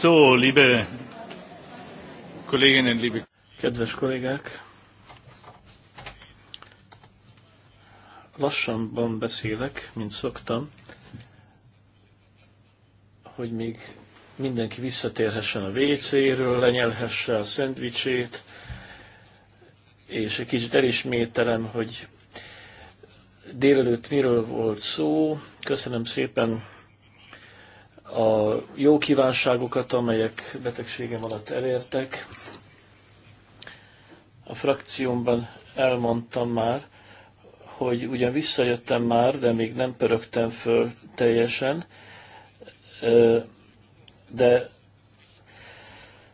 So, liebe Kolleginnen, liebe Kedves kollégák! Lassanban beszélek, mint szoktam, hogy még mindenki visszatérhessen a WC-ről, lenyelhesse a szendvicsét, és egy kicsit elismételem, hogy délelőtt miről volt szó. Köszönöm szépen a jó kívánságokat, amelyek betegségem alatt elértek. A frakciómban elmondtam már, hogy ugyan visszajöttem már, de még nem pörögtem föl teljesen, de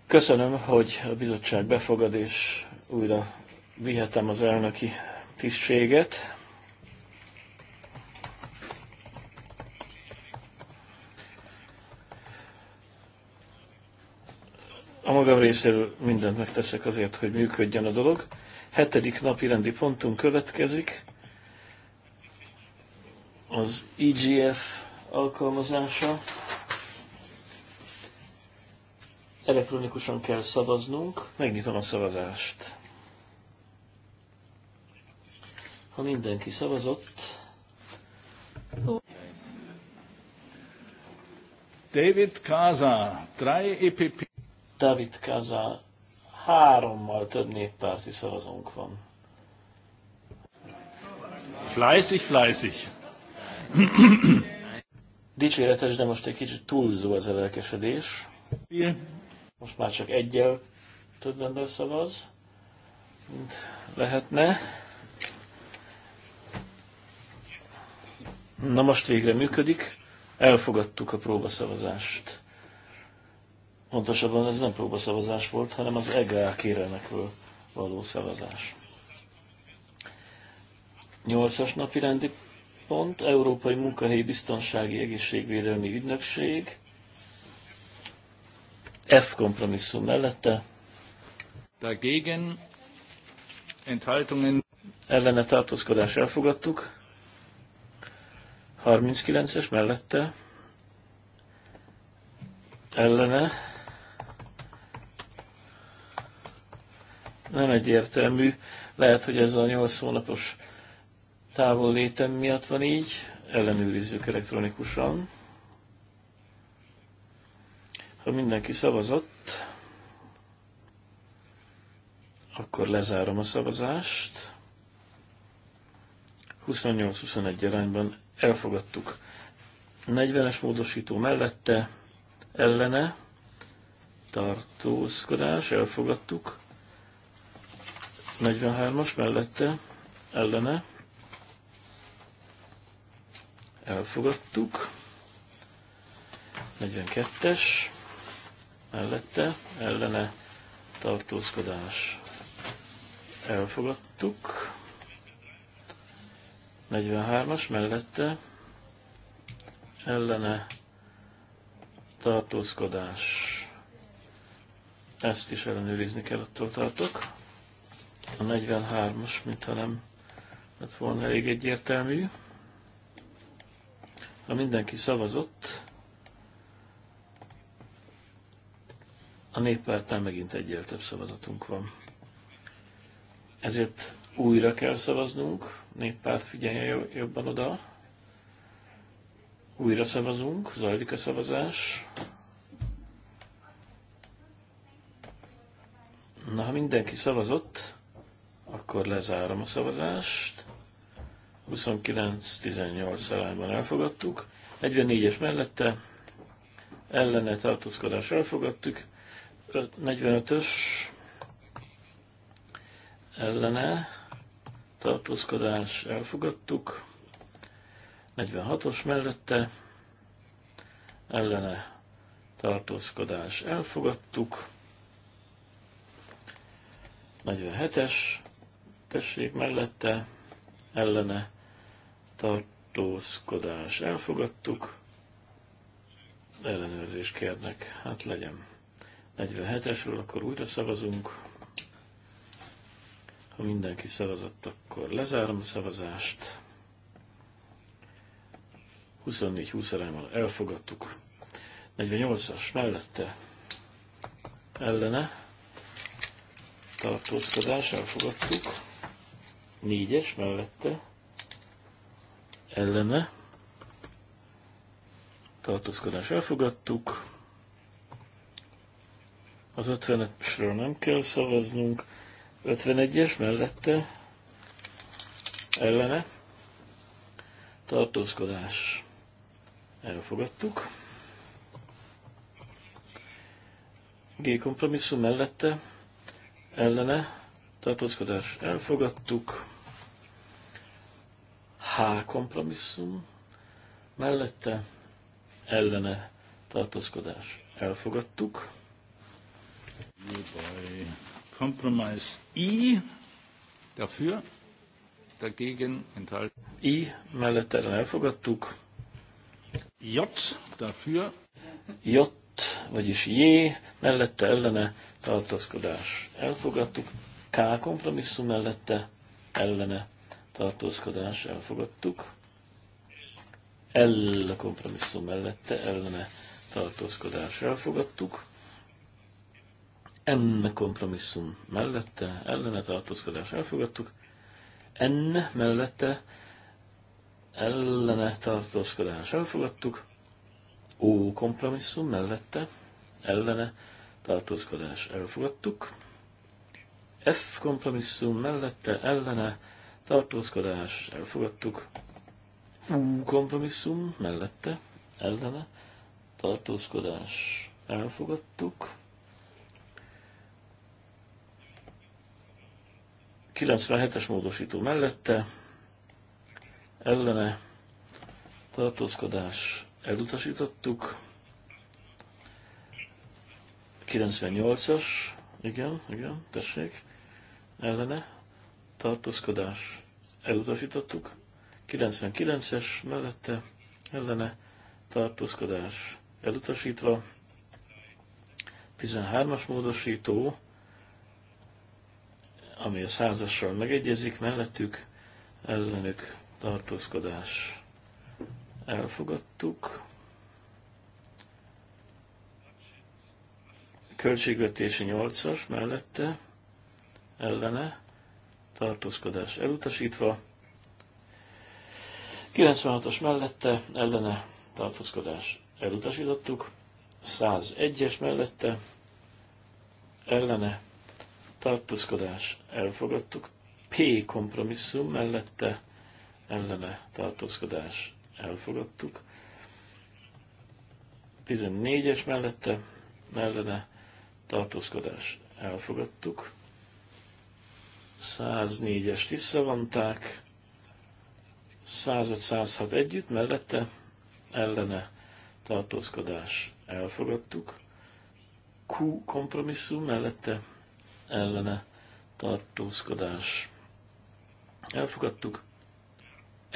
köszönöm, hogy a bizottság befogad, és újra vihetem az elnöki tisztséget. A magam részéről mindent megteszek azért, hogy működjön a dolog. Hetedik napi rendi pontunk következik. Az EGF alkalmazása. Elektronikusan kell szavaznunk. Megnyitom a szavazást. Ha mindenki szavazott, David Kaza, 3 EPP. David Kazán, hárommal több néppárti szavazónk van. Fleißig, fleißig. Dicséretes, de most egy kicsit túlzó az a lelkesedés. Most már csak egyel több ember szavaz, mint lehetne. Na most végre működik. Elfogadtuk a próbaszavazást. Pontosabban ez nem próbaszavazás volt, hanem az EGA kérenekről való szavazás. Nyolcas napi rendi pont, Európai Munkahelyi Biztonsági Egészségvédelmi Ügynökség, F kompromisszum mellette. Dagegen enthaltungen. Ellene tartózkodás elfogadtuk. 39-es mellette. Ellene nem egyértelmű. Lehet, hogy ez a 8 hónapos távol létem miatt van így. Ellenőrizzük elektronikusan. Ha mindenki szavazott, akkor lezárom a szavazást. 28-21 arányban elfogadtuk. 40-es módosító mellette, ellene, tartózkodás, elfogadtuk. 43-as mellette ellene elfogadtuk. 42-es mellette ellene tartózkodás elfogadtuk. 43-as mellette ellene tartózkodás. Ezt is ellenőrizni kell, attól tartok. A 43-as, mintha nem lett volna elég egyértelmű. Ha mindenki szavazott, a néppártán megint egyel több szavazatunk van. Ezért újra kell szavaznunk, néppárt figyelje jobban oda. Újra szavazunk, zajlik a szavazás. Na, ha mindenki szavazott, akkor lezárom a szavazást. 29-18 arányban elfogadtuk. 44-es mellette ellene tartózkodás elfogadtuk. 45-ös ellene tartózkodás elfogadtuk. 46-os mellette ellene tartózkodás elfogadtuk. 47-es tessék mellette ellene tartózkodás. Elfogadtuk, ellenőrzést kérnek. Hát legyen. 47-esről akkor újra szavazunk. Ha mindenki szavazott, akkor lezárom a szavazást. 24-20 arányban elfogadtuk. 48-as mellette ellene tartózkodás, elfogadtuk. Négyes mellette ellene tartózkodás elfogadtuk. Az 50-esről nem kell szavaznunk. 51-es mellette ellene tartózkodás elfogadtuk. G kompromisszum mellette ellene tartózkodás elfogadtuk. H kompromisszum, mellette ellene tartózkodás elfogadtuk. Kompromiss I dafür, dagegen enthalten. I mellette ellene elfogadtuk. J dafür. J, vagyis J mellette ellene tartózkodás elfogadtuk. K kompromisszum mellette ellene tartózkodás, elfogadtuk. El a kompromisszum mellette, ellene tartózkodás, elfogadtuk. M kompromisszum mellette, ellene tartózkodás, elfogadtuk. N mellette, ellene tartózkodás, elfogadtuk. O kompromisszum mellette, ellene tartózkodás, elfogadtuk. F kompromisszum mellette, ellene tartózkodás, elfogadtuk. Fú, kompromisszum, mellette, ellene, tartózkodás, elfogadtuk. 97-es módosító mellette, ellene, tartózkodás, elutasítottuk. 98-as, igen, igen, tessék, ellene, tartózkodás elutasítottuk, 99-es mellette ellene tartózkodás elutasítva, 13-as módosító, ami a százassal megegyezik, mellettük ellenük tartózkodás elfogadtuk. Költségvetési 8-as mellette ellene tartózkodás elutasítva. 96-os mellette ellene tartózkodás elutasítottuk. 101-es mellette ellene tartózkodás elfogadtuk. P kompromisszum mellette ellene tartózkodás elfogadtuk. 14-es mellette ellene tartózkodás elfogadtuk. 104-est visszavonták, 105-106 együtt, mellette ellene tartózkodás elfogadtuk, Q kompromisszum mellette ellene tartózkodás elfogadtuk,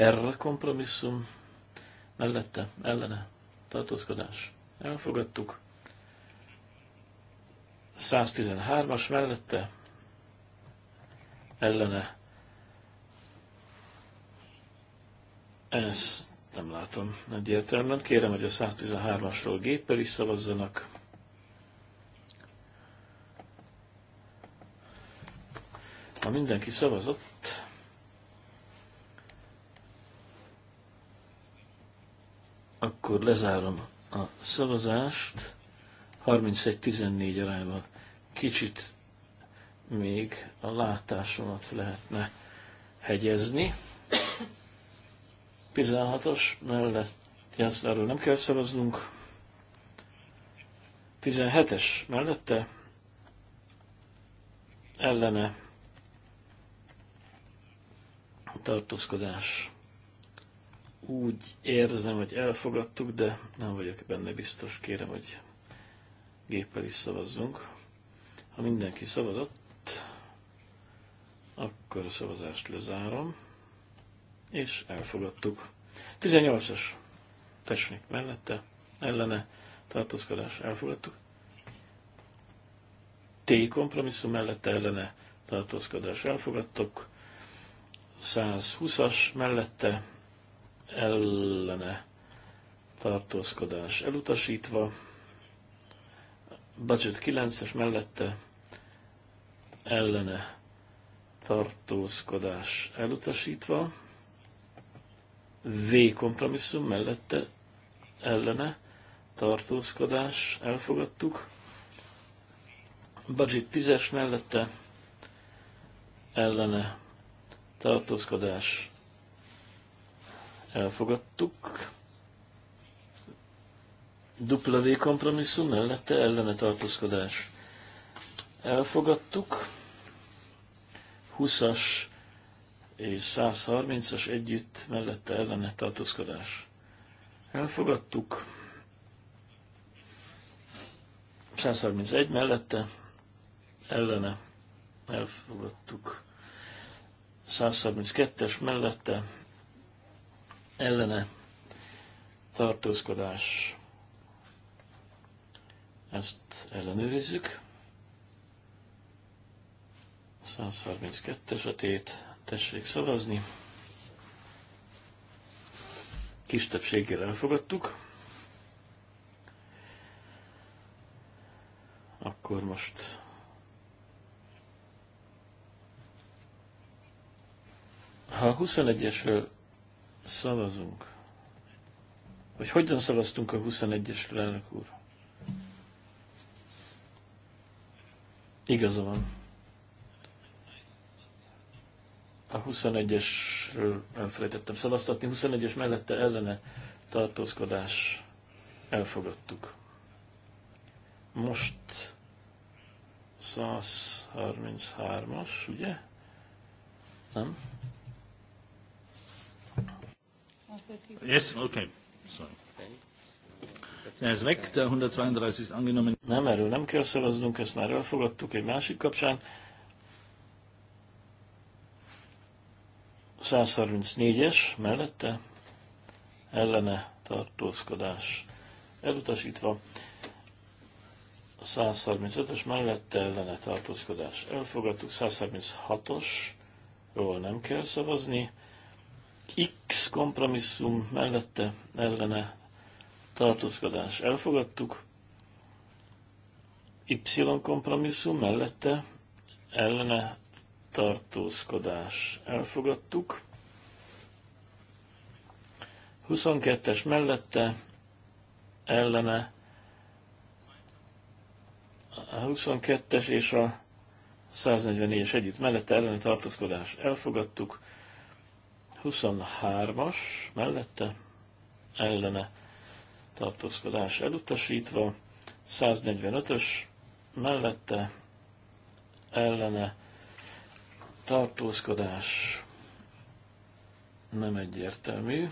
R kompromisszum mellette ellene tartózkodás elfogadtuk, 113-as mellette ellene. Ezt nem látom egyértelműen. Kérem, hogy a 113-asról géppel is szavazzanak. Ha mindenki szavazott, akkor lezárom a szavazást. 31-14 arányban kicsit még a látásomat lehetne hegyezni. 16-os mellett, ezt erről nem kell szavaznunk. 17-es mellette ellene tartózkodás. Úgy érzem, hogy elfogadtuk, de nem vagyok benne biztos. Kérem, hogy géppel is szavazzunk. Ha mindenki szavazott, akkor a szavazást lezárom, és elfogadtuk. 18-as tessék mellette, ellene tartózkodás elfogadtuk. T kompromisszum mellette ellene tartózkodás elfogadtuk. 120-as mellette ellene tartózkodás elutasítva, budget 9-es mellette ellene tartózkodás elutasítva, V kompromisszum mellette ellene tartózkodás elfogadtuk, budget 10-es mellette ellene tartózkodás elfogadtuk, W kompromisszum mellette ellene tartózkodás elfogadtuk. 20-as és 130-as együtt mellette ellene tartózkodás. Elfogadtuk. 131 mellette ellene elfogadtuk. 132-es mellette ellene tartózkodás. Ezt ellenőrizzük. 132-es a tét, tessék szavazni. Kis többséggel elfogadtuk. Akkor most ha a 21-esről szavazunk, vagy hogyan szavaztunk a 21-esről, elnök úr? Igaza van. a 21-esről nem felejtettem szavaztatni, 21-es mellette ellene tartózkodás elfogadtuk. Most 133-as, ugye? Nem? Yes, okay. Sorry. ez meg, de 132 angenommen. Nem, erről nem kell szavaznunk, ezt már elfogadtuk egy másik kapcsán. 134-es mellette ellene tartózkodás elutasítva, 135-ös mellette ellene tartózkodás elfogadtuk, 136-osról nem kell szavazni, X kompromisszum mellette ellene tartózkodás elfogadtuk, Y kompromisszum mellette ellene tartózkodás elfogadtuk. 22-es mellette ellene a 22-es és a 144-es együtt mellette ellene tartózkodás elfogadtuk. 23-as mellette ellene tartózkodás elutasítva. 145-ös mellette ellene tartózkodás nem egyértelmű.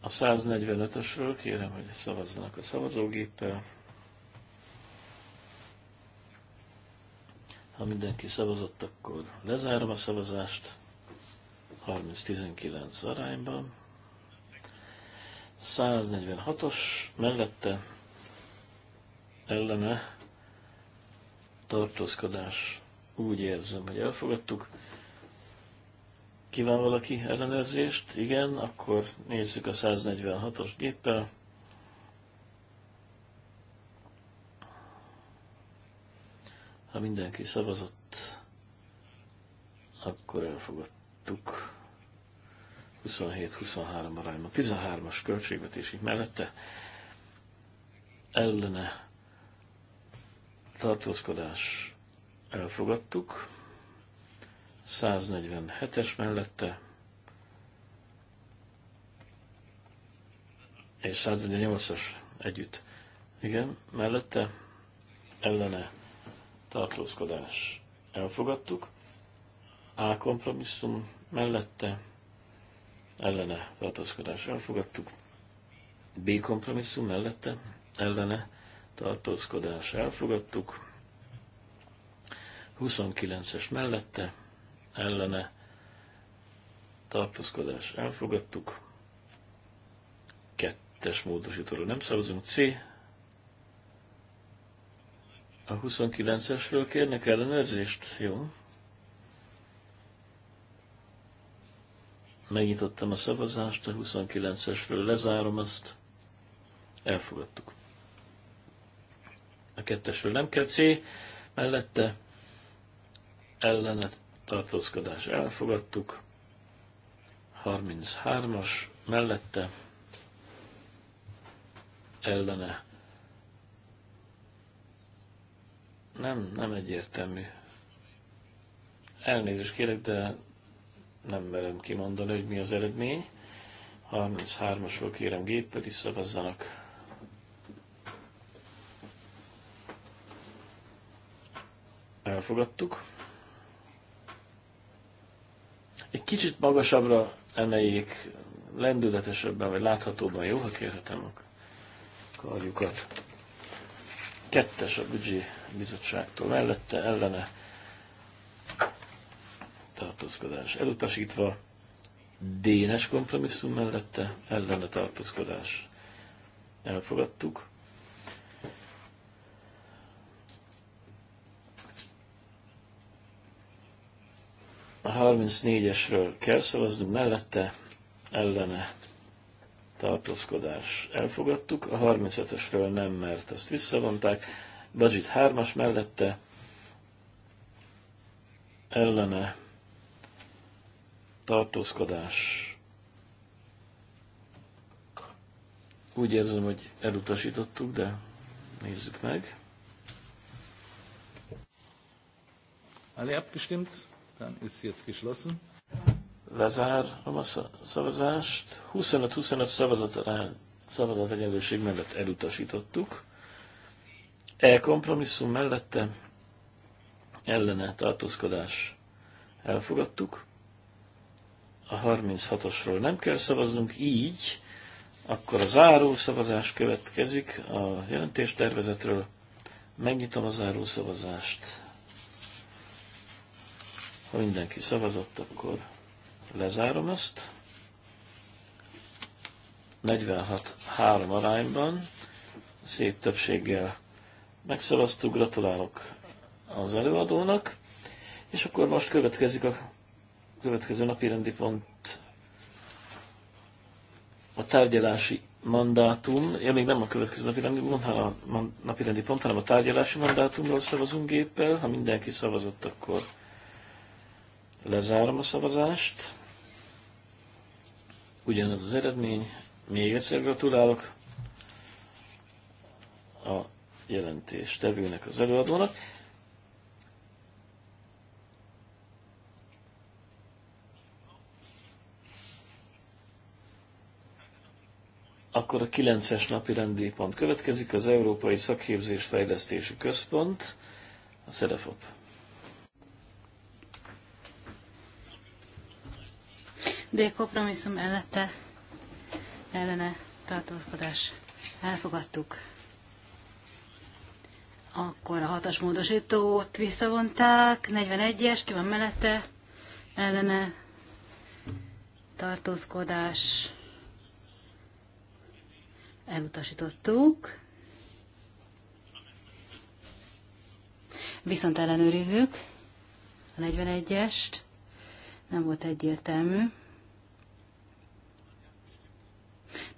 A 145-ösről kérem, hogy szavazzanak a szavazógéppel. Ha mindenki szavazott, akkor lezárom a szavazást 30-19 arányban. 146-os mellette ellene tartózkodás úgy érzem, hogy elfogadtuk. Kíván valaki ellenőrzést? Igen, akkor nézzük a 146-os géppel. Ha mindenki szavazott, akkor elfogadtuk. 27-23 arányban. 13-as költségvetési mellette ellene tartózkodás elfogadtuk. 147-es mellette, és 148-as együtt. Igen, mellette ellene tartózkodás elfogadtuk. A kompromisszum mellette ellene tartózkodás elfogadtuk. B kompromisszum mellette ellene tartózkodás elfogadtuk. 29-es mellette, ellene tartózkodás elfogadtuk. Kettes módosítóról nem szavazunk. C. A 29-esről kérnek ellenőrzést? Jó. Megnyitottam a szavazást, a 29-esről lezárom azt. Elfogadtuk. A kettesről nem kell C. Mellette ellene tartózkodás elfogadtuk, 33-as mellette ellene nem, nem egyértelmű. Elnézést kérek, de nem merem kimondani, hogy mi az eredmény. 33-asról kérem géppel is szavazzanak. Elfogadtuk egy kicsit magasabbra emeljék, lendületesebben vagy láthatóban jó, ha kérhetem a karjukat. Kettes a büdzsi bizottságtól mellette, ellene tartózkodás elutasítva, dénes kompromisszum mellette, ellene tartózkodás elfogadtuk. A 34-esről kell szavaznunk mellette, ellene tartózkodás elfogadtuk. A 35-esről nem, mert azt visszavonták. Bajit 3-as mellette, ellene tartózkodás úgy érzem, hogy elutasítottuk, de nézzük meg. Alle abgestimmt? Dann ist jetzt geschlossen. Lezárom a szavazást. 25-25 szavazat arány, szavazat egyenlőség mellett elutasítottuk. E kompromisszum mellette ellene tartózkodás elfogadtuk. A 36-osról nem kell szavaznunk, így akkor a záró szavazás következik a jelentéstervezetről. Megnyitom a záró szavazást. Ha mindenki szavazott, akkor lezárom ezt. 46-3 arányban szép többséggel megszavaztuk, gratulálok az előadónak, és akkor most következik a következő napi rendi pont a tárgyalási mandátum, ja még nem a következő napi rendi pont, hanem a, napi rendi pont, hanem a tárgyalási mandátumról szavazunk géppel, ha mindenki szavazott, akkor Lezárom a szavazást. Ugyanaz az eredmény. Még egyszer gratulálok a jelentés tevőnek, az előadónak. Akkor a 9-es napi rendi pont következik, az Európai Szakképzés Fejlesztési Központ, a SZEDEFOP. De kompromisszum ellete ellene tartózkodás elfogadtuk. Akkor a hatas módosítót visszavonták, 41-es, ki van mellette, ellene tartózkodás elutasítottuk. Viszont ellenőrizzük a 41-est, nem volt egyértelmű.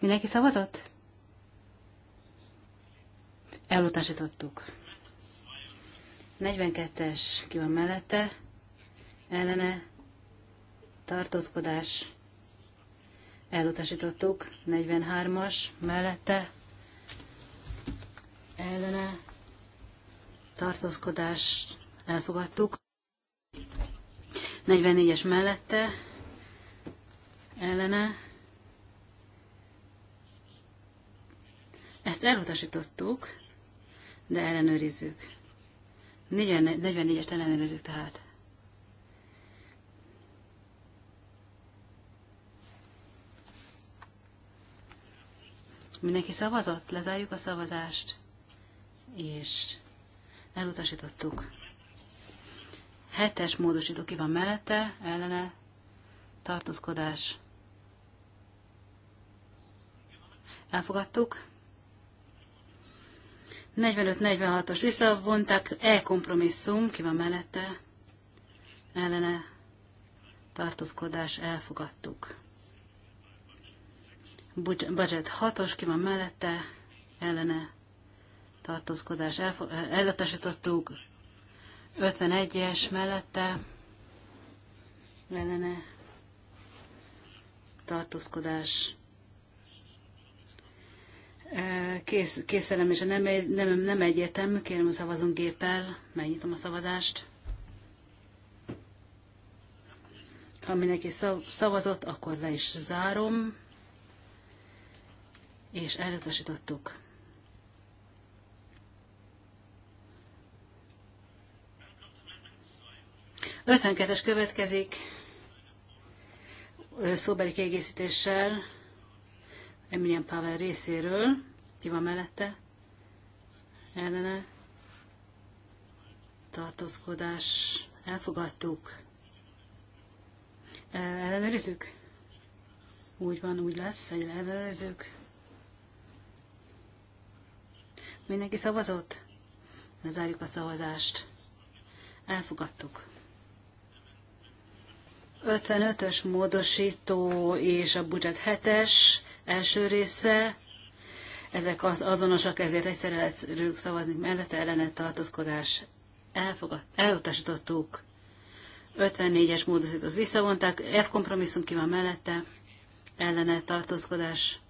Mindenki szavazott? Elutasítottuk. 42-es ki van mellette, ellene, tartózkodás, elutasítottuk, 43-as mellette, ellene, tartózkodás, elfogadtuk, 44-es mellette, ellene, Ezt elutasítottuk, de ellenőrizzük. 44-est ellenőrizzük tehát. Mindenki szavazott? Lezárjuk a szavazást. És elutasítottuk. Hetes módosító ki van mellette, ellene, tartózkodás. Elfogadtuk. 45-46-os visszavonták, E kompromisszum, ki van mellette, ellene tartózkodás, elfogadtuk. Budget 6-os, ki van mellette, ellene tartózkodás, elutasítottuk. 51-es mellette, ellene tartózkodás, E, kész, készfelem és a nem, nem, nem egyértelmű, kérem, hogy szavazunk géppel, megnyitom a szavazást. Ha mindenki szavazott, akkor le is zárom, és elutasítottuk. Ötvenkettes következik szóbeli kiegészítéssel Emilian Pavel részéről. Ki van mellette? Ellene. Tartózkodás. Elfogadtuk. E, ellenőrizzük? Úgy van, úgy lesz, egy ellenőrizzük. Mindenki szavazott? Lezárjuk a szavazást. Elfogadtuk. 55-ös módosító és a budget 7-es első része, ezek az, azonosak, ezért egyszerre lehet szavazni mellette ellene tartózkodás elfogad, elutasítottuk. 54-es módosítót visszavonták, F kompromisszum ki van mellette, ellene tartózkodás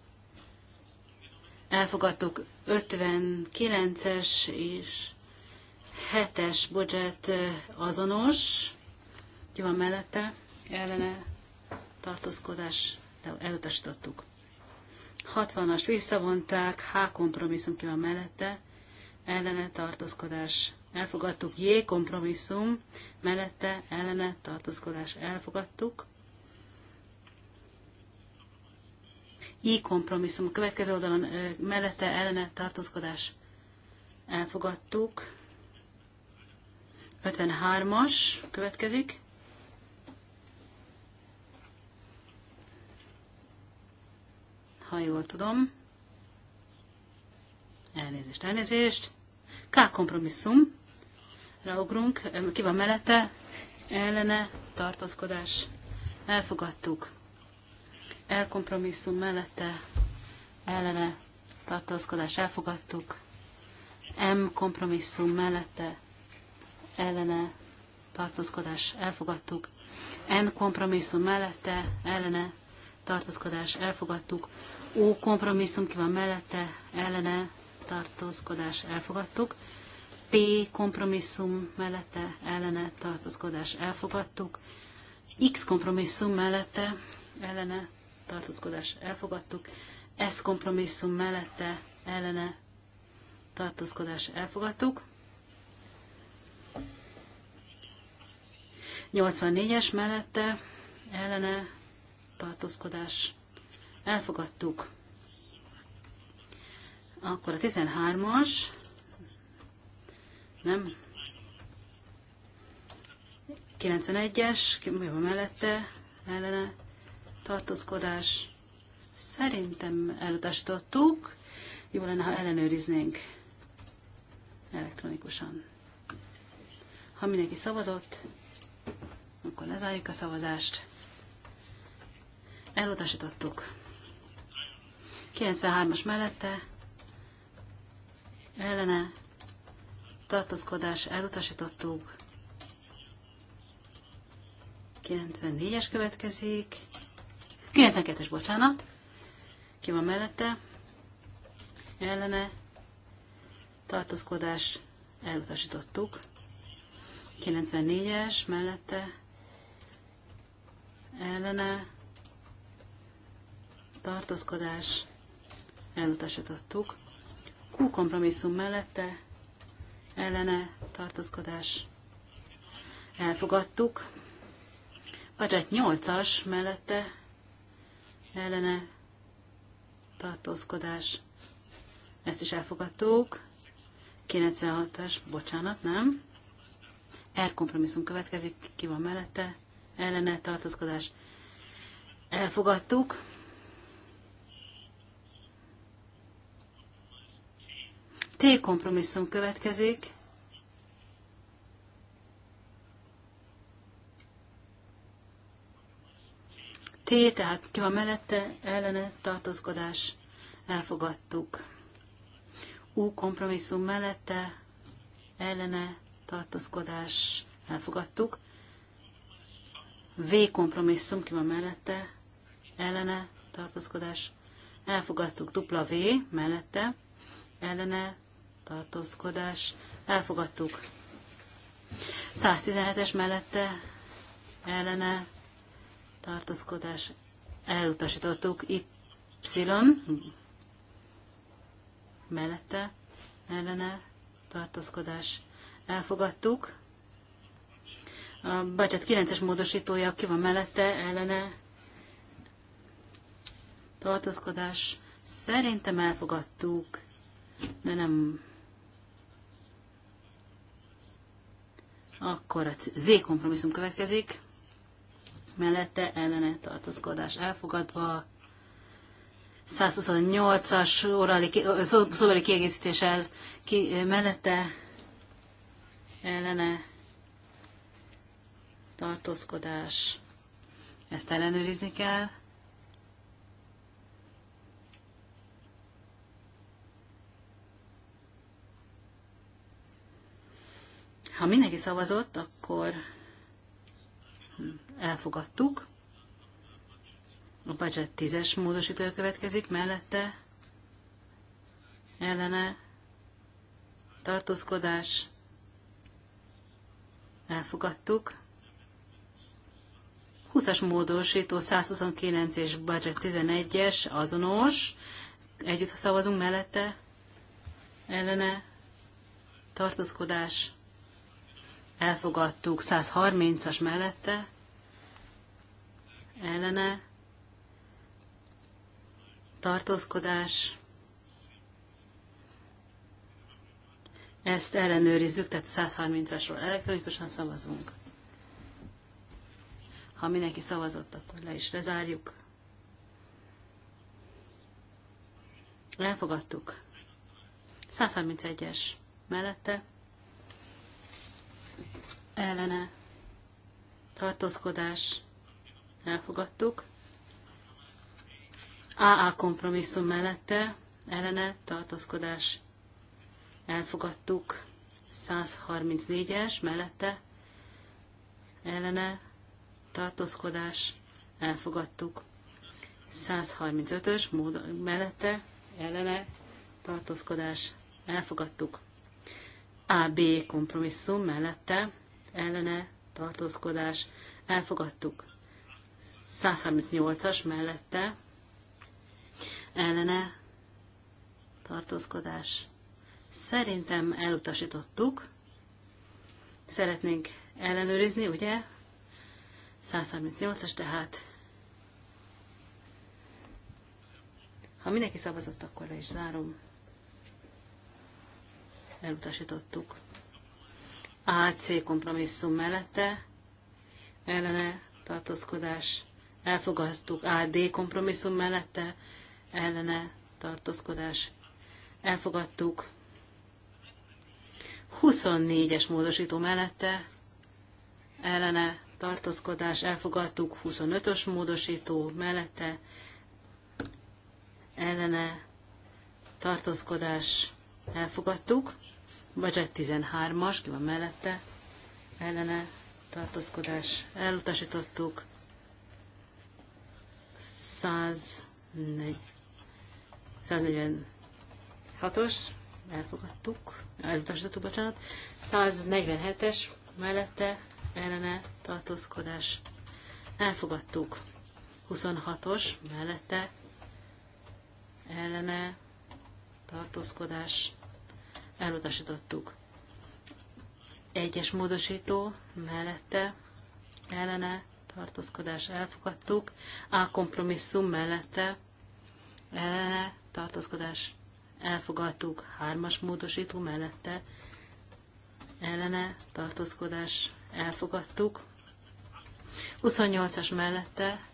elfogadtuk 59-es és 7-es budget azonos, ki van mellette, ellene tartózkodás elutasítottuk. 60 as visszavonták, H kompromisszum ki van mellette, ellene tartózkodás elfogadtuk, J kompromisszum mellette, ellene tartózkodás elfogadtuk, I kompromisszum a következő oldalon mellette, ellene tartózkodás elfogadtuk, 53-as következik, ha jól tudom. Elnézést, elnézést. K kompromisszum. Raugrunk, ki van mellette? Ellene, Tartozkodás. Elfogadtuk. kompromisszum mellette, ellene, tartozkodás. Elfogadtuk. M kompromisszum mellette, ellene, tartozkodás. Elfogadtuk. N kompromisszum mellette, ellene, tartozkodás. Elfogadtuk ó kompromisszum ki van mellette, ellene tartózkodás elfogadtuk. P kompromisszum mellette, ellene tartózkodás elfogadtuk. X kompromisszum mellette, ellene tartózkodás elfogadtuk. S kompromisszum mellette, ellene tartózkodás elfogadtuk. 84-es mellette ellene tartózkodás elfogadtuk. Akkor a 13-as, nem, 91-es, mi van mellette, ellene, tartózkodás, szerintem elutasítottuk, jó lenne, ha ellenőriznénk elektronikusan. Ha mindenki szavazott, akkor lezárjuk a szavazást. Elutasítottuk. 93-as mellette ellene tartózkodás elutasítottuk. 94-es következik. 92-es, bocsánat. Ki van mellette? Ellene tartózkodás elutasítottuk. 94-es mellette ellene tartózkodás elutasítottuk. Q kompromisszum mellette ellene tartozkodás elfogadtuk. Budget 8-as mellette ellene tartózkodás ezt is elfogadtuk. 96-as, bocsánat, nem. R kompromisszum következik, ki van mellette, ellene tartózkodás elfogadtuk. T kompromisszum következik. T, tehát ki van mellette, ellene, tartozkodás elfogadtuk. U kompromisszum mellette, ellene, tartozkodás elfogadtuk. V kompromisszum, ki van mellette, ellene, tartozkodás elfogadtuk. Dupla V mellette, ellene, tartózkodás, elfogadtuk. 117-es mellette ellene tartózkodás, elutasítottuk. Y mellette ellene tartózkodás, elfogadtuk. A budget 9-es módosítója ki van mellette, ellene tartózkodás. Szerintem elfogadtuk, de nem Akkor a Z kompromisszum következik, mellette ellene tartozkodás elfogadva, 128-as orali, szóbeli kiegészítéssel ki, mellette ellene tartózkodás. Ezt ellenőrizni kell. Ha mindenki szavazott, akkor elfogadtuk. A budget 10-es módosítója következik, mellette ellene tartózkodás, elfogadtuk. 20-as módosító 129 és budget 11-es azonos, együtt szavazunk mellette, ellene tartózkodás, elfogadtuk 130-as mellette, ellene, tartózkodás, ezt ellenőrizzük, tehát 130-asról elektronikusan szavazunk. Ha mindenki szavazott, akkor le is lezárjuk. Elfogadtuk. 131-es mellette, ellene tartózkodás elfogadtuk. AA kompromisszum mellette ellene tartózkodás elfogadtuk. 134-es mellette ellene tartózkodás elfogadtuk. 135-ös mellette ellene tartózkodás elfogadtuk. AB kompromisszum mellette ellene tartózkodás elfogadtuk. 138-as mellette ellene tartózkodás. Szerintem elutasítottuk. Szeretnénk ellenőrizni, ugye? 138-as, tehát ha mindenki szavazott, akkor le is zárom. Elutasítottuk. AC kompromisszum mellette ellene tartózkodás elfogadtuk AD kompromisszum mellette ellene tartózkodás elfogadtuk 24-es módosító mellette ellene tartózkodás elfogadtuk 25-ös módosító mellette ellene tartózkodás elfogadtuk vagy 13-as, ki van mellette, ellene tartózkodás elutasítottuk, 146-os, elfogadtuk, elutasítottuk, bocsánat, 147-es mellette ellene tartózkodás elfogadtuk, 26-os mellette ellene tartózkodás elutasítottuk. Egyes módosító mellette ellene tartózkodás elfogadtuk, A kompromisszum mellette ellene tartózkodás elfogadtuk, hármas módosító mellette ellene tartózkodás elfogadtuk, 28-as mellette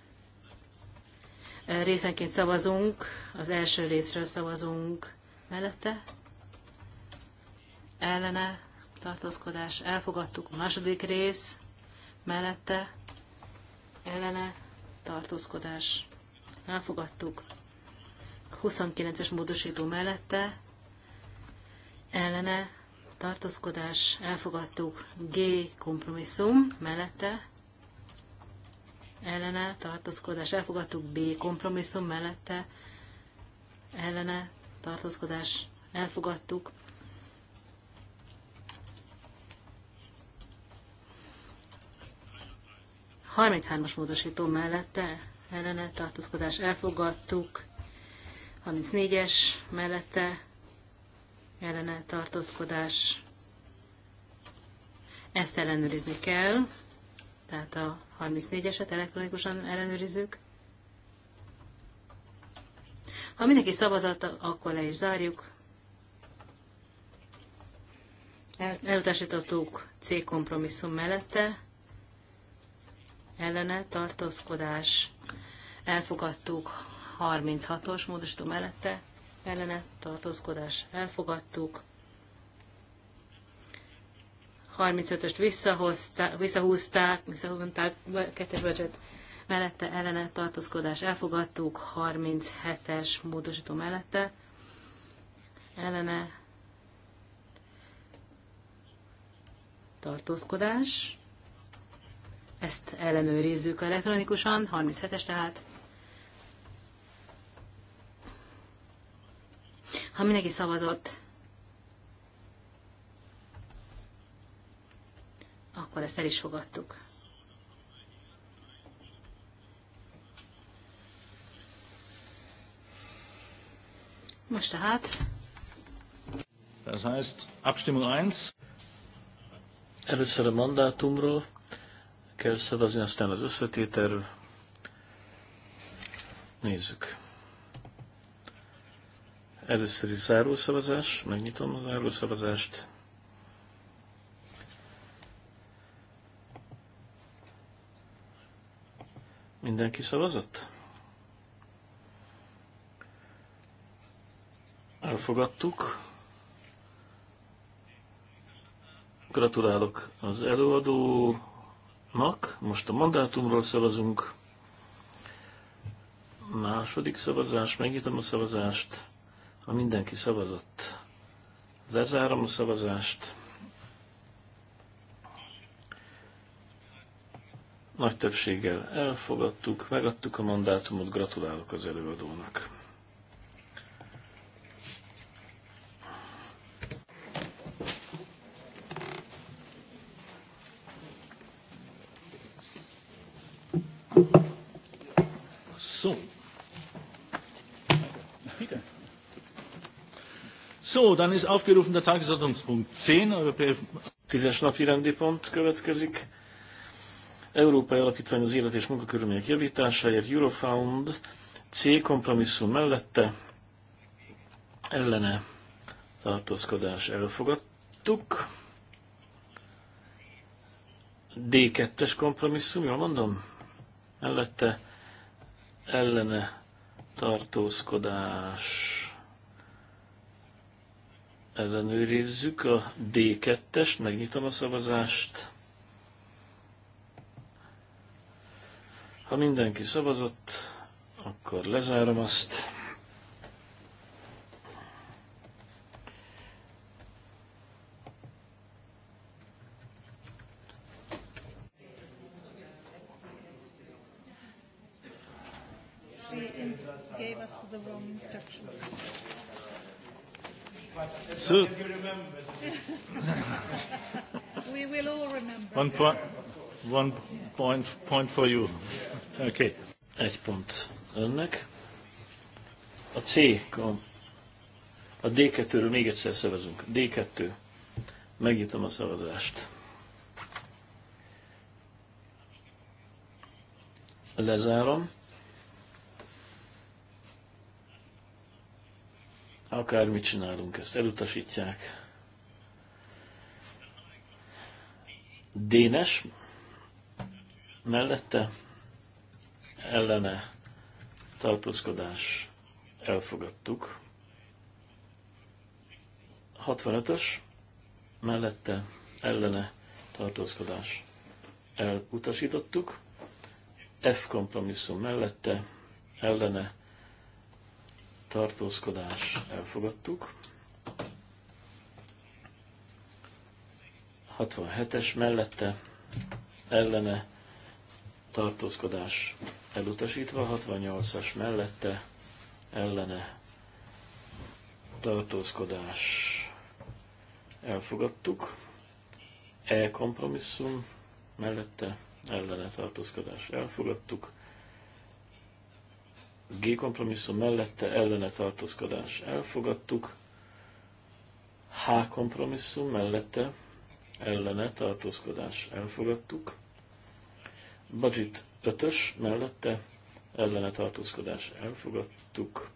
részenként szavazunk, az első részről szavazunk mellette, ellene tartózkodás elfogadtuk. A második rész mellette ellene tartózkodás elfogadtuk. 29-es módosító mellette ellene tartózkodás elfogadtuk. G kompromisszum mellette ellene tartózkodás elfogadtuk. B kompromisszum mellette ellene tartózkodás elfogadtuk. 33-as módosító mellette ellene tartózkodás elfogadtuk, 34-es mellette ellene tartózkodás. Ezt ellenőrizni kell, tehát a 34-eset elektronikusan ellenőrizzük. Ha mindenki szavazat, akkor le is zárjuk. El, elutasítottuk C kompromisszum mellette, ellene tartózkodás elfogadtuk 36-os módosító mellette ellene tartózkodás elfogadtuk 35-öst visszahúzták, visszahúzták, kettes budget mellette ellene tartózkodás elfogadtuk, 37-es módosító mellette ellene tartózkodás. Ezt ellenőrizzük elektronikusan, 37-es tehát. Ha mindenki szavazott, akkor ezt el is fogadtuk. Most tehát. Das heißt, Abstimmung 1. Először a mandátumról kell szavazni, aztán az összetételről. Nézzük. Először is zárószavazás, megnyitom a zárószavazást. Mindenki szavazott? Elfogadtuk. Gratulálok az előadó mak. Most a mandátumról szavazunk. Második szavazás, megnyitom a szavazást. Ha mindenki szavazott, lezárom a szavazást. Nagy többséggel elfogadtuk, megadtuk a mandátumot, gratulálok az előadónak. So, dann ist aufgerufen der Tagesordnungspunkt 10, Európai... napi rendi pont következik. Európai Alapítvány az élet és munkakörülmények javításáért Eurofound C kompromisszum mellette ellene tartózkodás elfogadtuk. D2-es kompromisszum, jól mondom? Mellette ellene tartózkodás ellenőrizzük a D2-est, megnyitom a szavazást. Ha mindenki szavazott, akkor lezárom azt. One point, one point, point for you. Okay. Egy pont önnek. A C, a D2-ről még egyszer szavazunk. D2. Megnyitom a szavazást. Lezárom. Akármit csinálunk, ezt elutasítják. Dénes mellette ellene tartózkodás elfogadtuk. 65-ös mellette ellene tartózkodás elutasítottuk. F kompromisszum mellette ellene tartózkodás elfogadtuk. 67-es mellette ellene tartózkodás elutasítva, 68-as mellette ellene tartózkodás elfogadtuk, E kompromisszum mellette ellene tartózkodás elfogadtuk, G kompromisszum mellette ellene tartózkodás elfogadtuk, H kompromisszum mellette ellene tartózkodás elfogadtuk. Budget 5-ös mellette ellene tartózkodás elfogadtuk.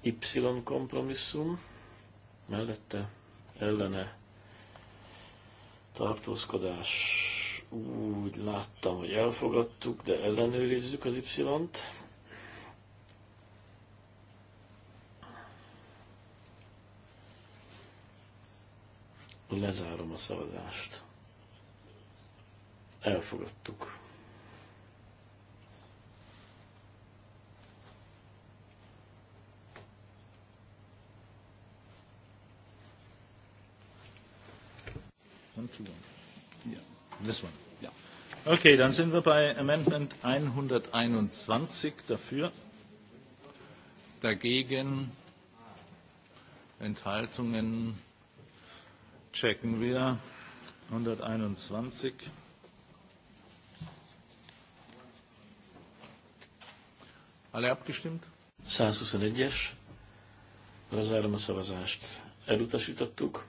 Y kompromisszum mellette ellene tartózkodás úgy láttam, hogy elfogadtuk, de ellenőrizzük az Y-t. Lezárom a szavazást. Elfogadtuk. One, two, one. Yeah. This one. Yeah. Okay, dann sind wir bei Amendment 121 dafür. Dagegen Enthaltungen Checken wir 121. Alle abgestimmt? 121-es. Lezárom a szavazást. Elutasítottuk.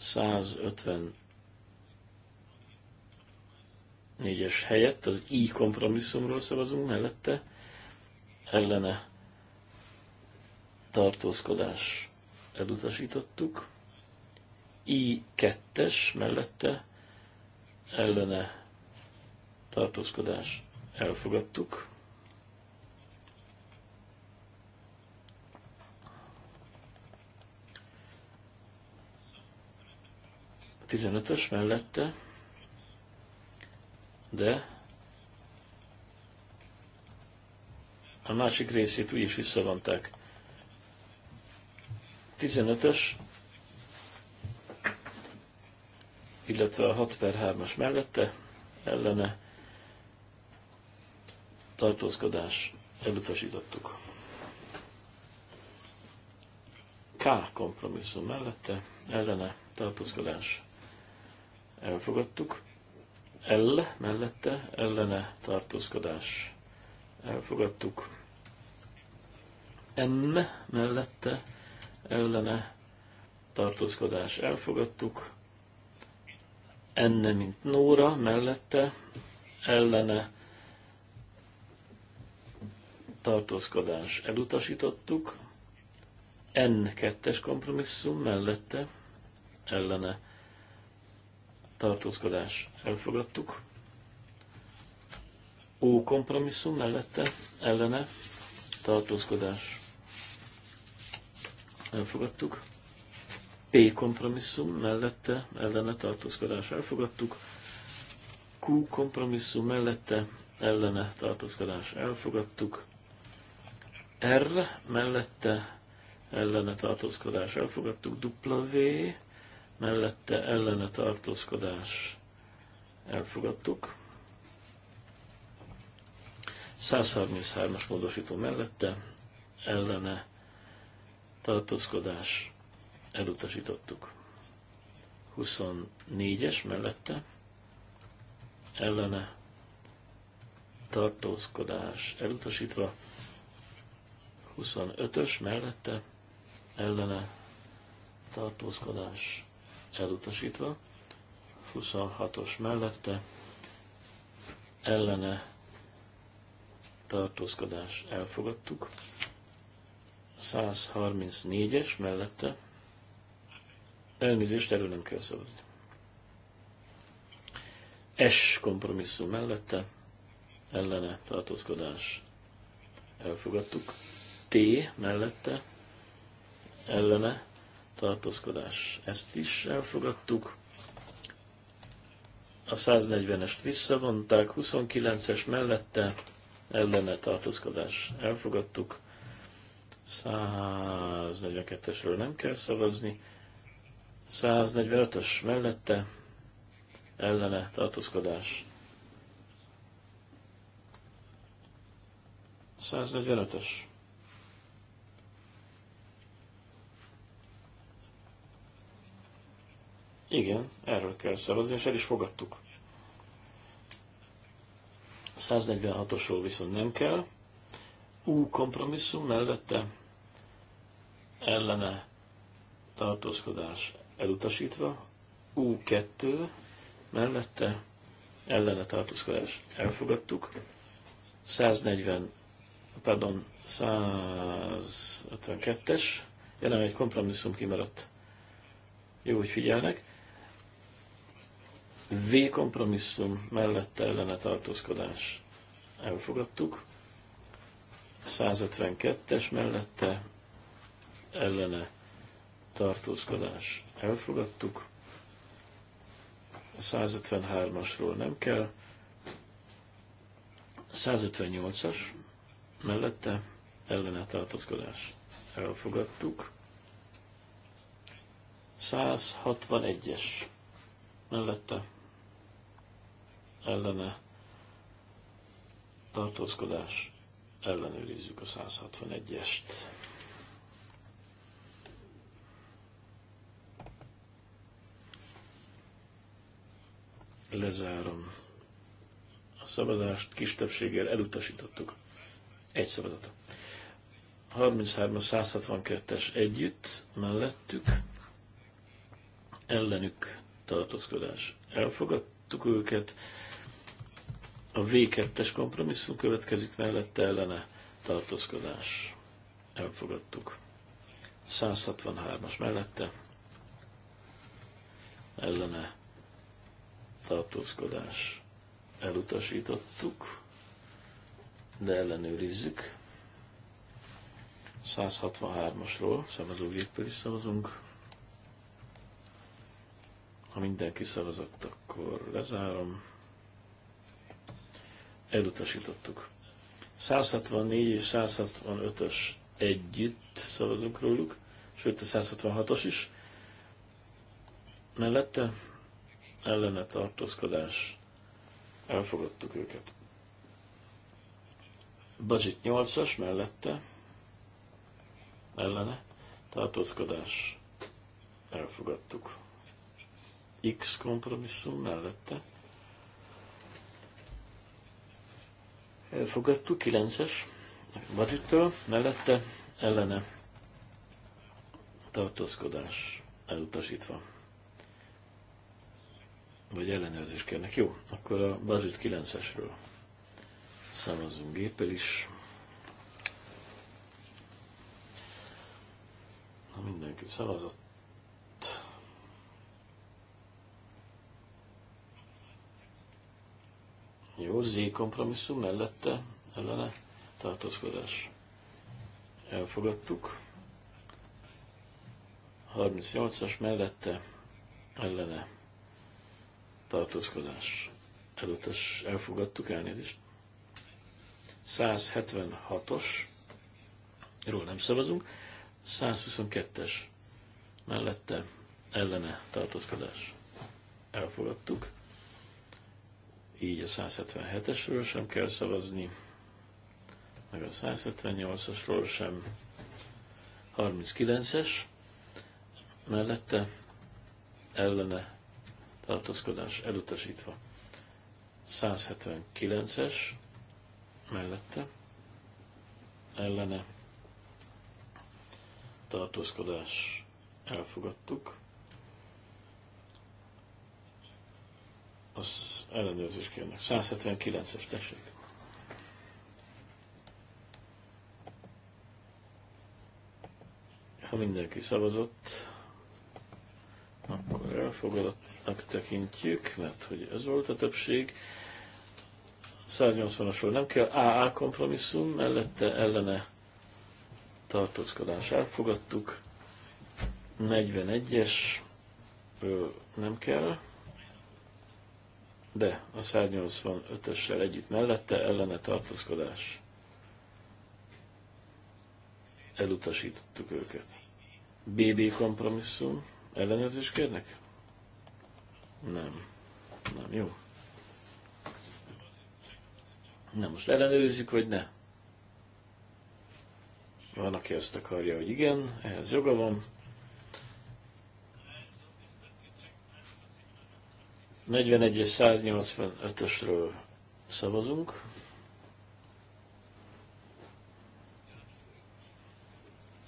154-es helyett az I kompromisszumról szavazunk mellette. Ellene tartózkodás elutasítottuk. I2-es mellette ellene tartózkodás elfogadtuk. A 15-ös mellette, de a másik részét úgyis visszavonták. 15-ös, illetve a 6 per 3-as mellette ellene tartózkodás elutasítottuk. K kompromisszum mellette ellene tartózkodás elfogadtuk. L mellette ellene tartózkodás elfogadtuk. M mellette ellene tartózkodás elfogadtuk. Enne, mint Nóra, mellette ellene tartózkodás elutasítottuk. N kettes kompromisszum mellette ellene tartózkodás elfogadtuk. O kompromisszum mellette ellene tartózkodás elfogadtuk. P kompromisszum mellette, ellene tartózkodás elfogadtuk. Q kompromisszum mellette, ellene tartózkodás elfogadtuk. R mellette, ellene tartózkodás elfogadtuk. W mellette, ellene tartózkodás elfogadtuk. 133-as módosító mellette, ellene tartózkodás elutasítottuk. 24-es mellette ellene tartózkodás elutasítva, 25-ös mellette ellene tartózkodás elutasítva, 26-os mellette ellene tartózkodás elfogadtuk, 134-es mellette. Elnézést, erről nem kell szavazni. S kompromisszum mellette, ellene tartózkodás elfogadtuk. T mellette, ellene tartózkodás ezt is elfogadtuk. A 140-est visszavonták, 29-es mellette, ellene tartózkodás elfogadtuk. 142-esről nem kell szavazni. 145-ös mellette ellene tartózkodás. 145-ös. Igen, erről kell szavazni, és el is fogadtuk. 146-osról viszont nem kell. Ú. kompromisszum mellette ellene tartózkodás elutasítva, U2 mellette ellene tartózkodás elfogadtuk, 140, pardon, 152-es, jelen egy kompromisszum kimaradt. Jó, hogy figyelnek. V kompromisszum mellette ellene tartózkodás elfogadtuk. 152-es mellette ellene tartózkodás elfogadtuk. 153-asról nem kell. 158-as mellette ellene tartózkodás elfogadtuk. 161-es mellette ellene tartózkodás ellenőrizzük a 161-est. Lezárom a szavazást, kis többséggel elutasítottuk. Egy szavazata. 33 162-es együtt, mellettük, ellenük tartózkodás. Elfogadtuk őket, a V2-es kompromisszum következik mellette ellene tartózkodás. Elfogadtuk. 163-as mellette ellene tartózkodás. Elutasítottuk, de ellenőrizzük. 163-asról szavazógéppel is szavazunk. Ha mindenki szavazott, akkor lezárom elutasítottuk. 164 és 165-ös együtt szavazunk róluk, sőt a 166-os is. Mellette ellene tartózkodás, elfogadtuk őket. Budget 8-as mellette ellene tartózkodás, elfogadtuk. X kompromisszum mellette Elfogadtuk, 9-es, Madüttől, mellette ellene tartózkodás elutasítva. Vagy ellenőrzés kérnek. Jó, akkor a Bazit 9-esről szavazunk géppel is. Ha mindenki szavazott, Jó, Z kompromisszum mellette, ellene, tartózkodás. Elfogadtuk. 38-as mellette, ellene, tartózkodás. Előttes elfogadtuk elnézést. 176-os, ról nem szavazunk, 122-es mellette, ellene, tartózkodás. Elfogadtuk így a 177-esről sem kell szavazni, meg a 178-asról sem, 39-es, mellette ellene tartózkodás elutasítva. 179-es mellette ellene tartózkodás elfogadtuk. az ellenőrzés kérnek. 179-es, tessék. Ha mindenki szavazott, akkor elfogadottnak tekintjük, mert hogy ez volt a többség. 180-asról nem kell, AA kompromisszum, mellette ellene tartózkodás elfogadtuk, 41-es nem kell, de a 185-össel együtt mellette ellene tartózkodás. Elutasítottuk őket. BB kompromisszum. Ellenőrzést kérnek? Nem. Nem, jó. Na most ellenőrizzük, vagy ne? Van, aki azt akarja, hogy igen, ehhez joga van. 41 és 185-ösről szavazunk.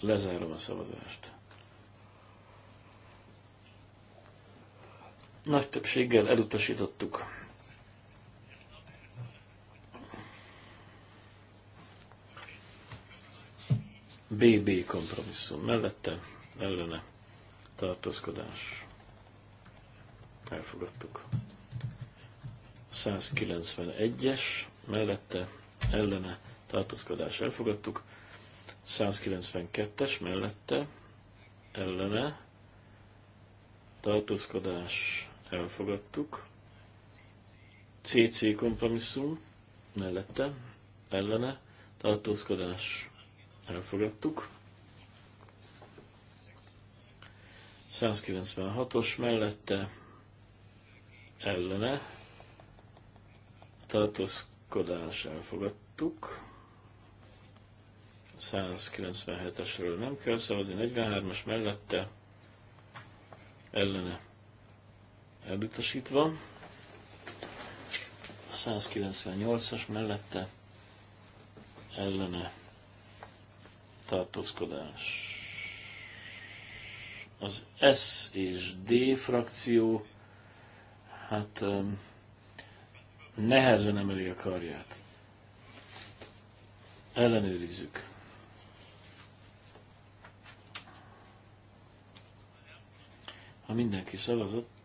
Lezárom a szavazást. Nagy többséggel elutasítottuk. BB kompromisszum mellette ellene tartózkodás elfogadtuk. 191-es mellette ellene tartózkodás elfogadtuk. 192-es mellette ellene tartózkodás elfogadtuk. CC kompromisszum mellette ellene tartózkodás elfogadtuk. 196-os mellette ellene tartózkodás elfogadtuk. 197-esről nem kell szavazni, 43-as mellette ellene elutasítva. 198-as mellette ellene tartózkodás. Az S és D frakció hát nehezen emeli a karját. Ellenőrizzük. Ha mindenki szavazott,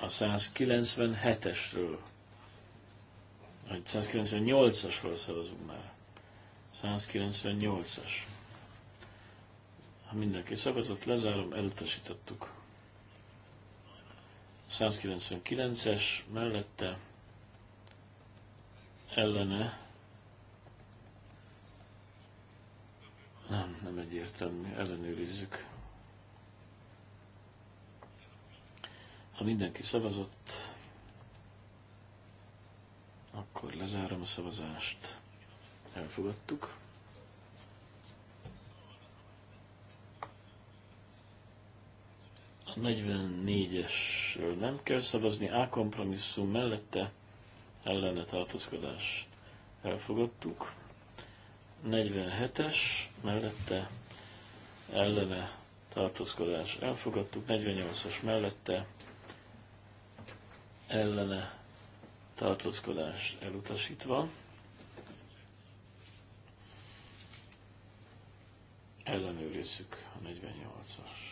a 197-esről, vagy 198-asról szavazunk már. 198-as. Ha mindenki szavazott, lezárom, elutasítottuk. 199-es mellette ellene nem, nem egyértelmű, ellenőrizzük. Ha mindenki szavazott, akkor lezárom a szavazást. Elfogadtuk. A 44-esről nem kell szavazni, A kompromisszum mellette ellene tartózkodás elfogadtuk. 47-es mellette ellene tartózkodás elfogadtuk, 48-as mellette ellene tartózkodás elutasítva. Ellenőrizzük a 48 as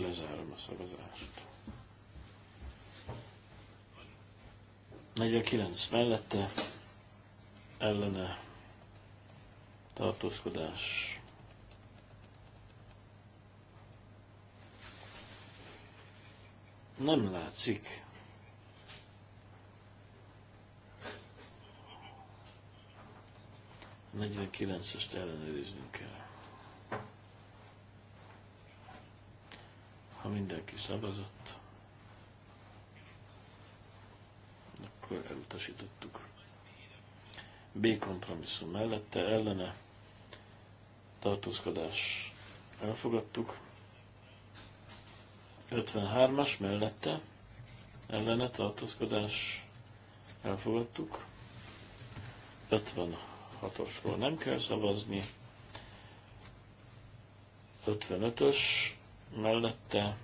Lezárom a szavazást. 49 mellette ellene tartózkodás nem látszik. A 49-est ellenőriznünk kell. Ha mindenki szavazott, akkor elutasítottuk. B kompromisszum mellette, ellene tartózkodás elfogadtuk. 53-as mellette ellene tartózkodás elfogadtuk. 56-osról nem kell szavazni. 55-ös mellette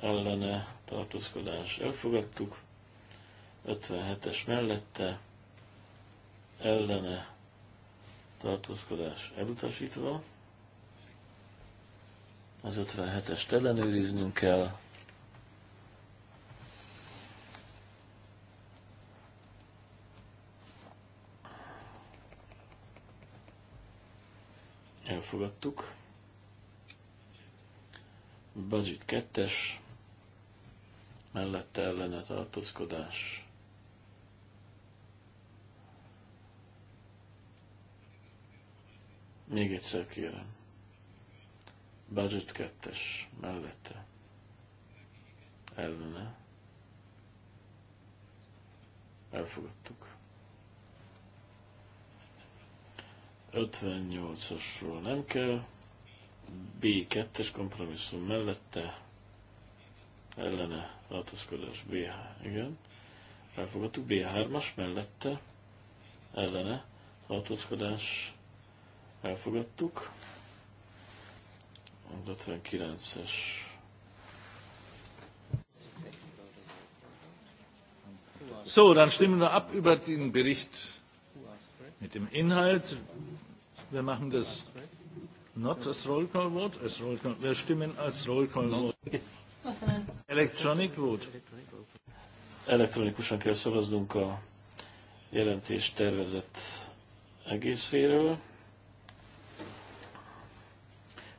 ellene tartózkodás elfogadtuk, 57-es mellette ellene tartózkodás elutasítva, az 57-est ellenőriznünk kell, elfogadtuk bazit kettes, mellette ellene tartózkodás. Még egyszer kérem. Budget kettes, mellette. Ellene. Elfogadtuk. 58-asról nem kell. B2-es kompromisszum mellette ellene tartózkodás B3, igen. Elfogadtuk B3-as mellette ellene tartózkodás elfogadtuk. A 59-es So, dann stimmen wir ab über den Bericht mit dem Inhalt. Wir machen das Not as roll call vote, as roll call. Wir stimmen als roll call vote. Electronic vote. Elektronikusan kell szavaznunk a jelentés tervezett egészéről.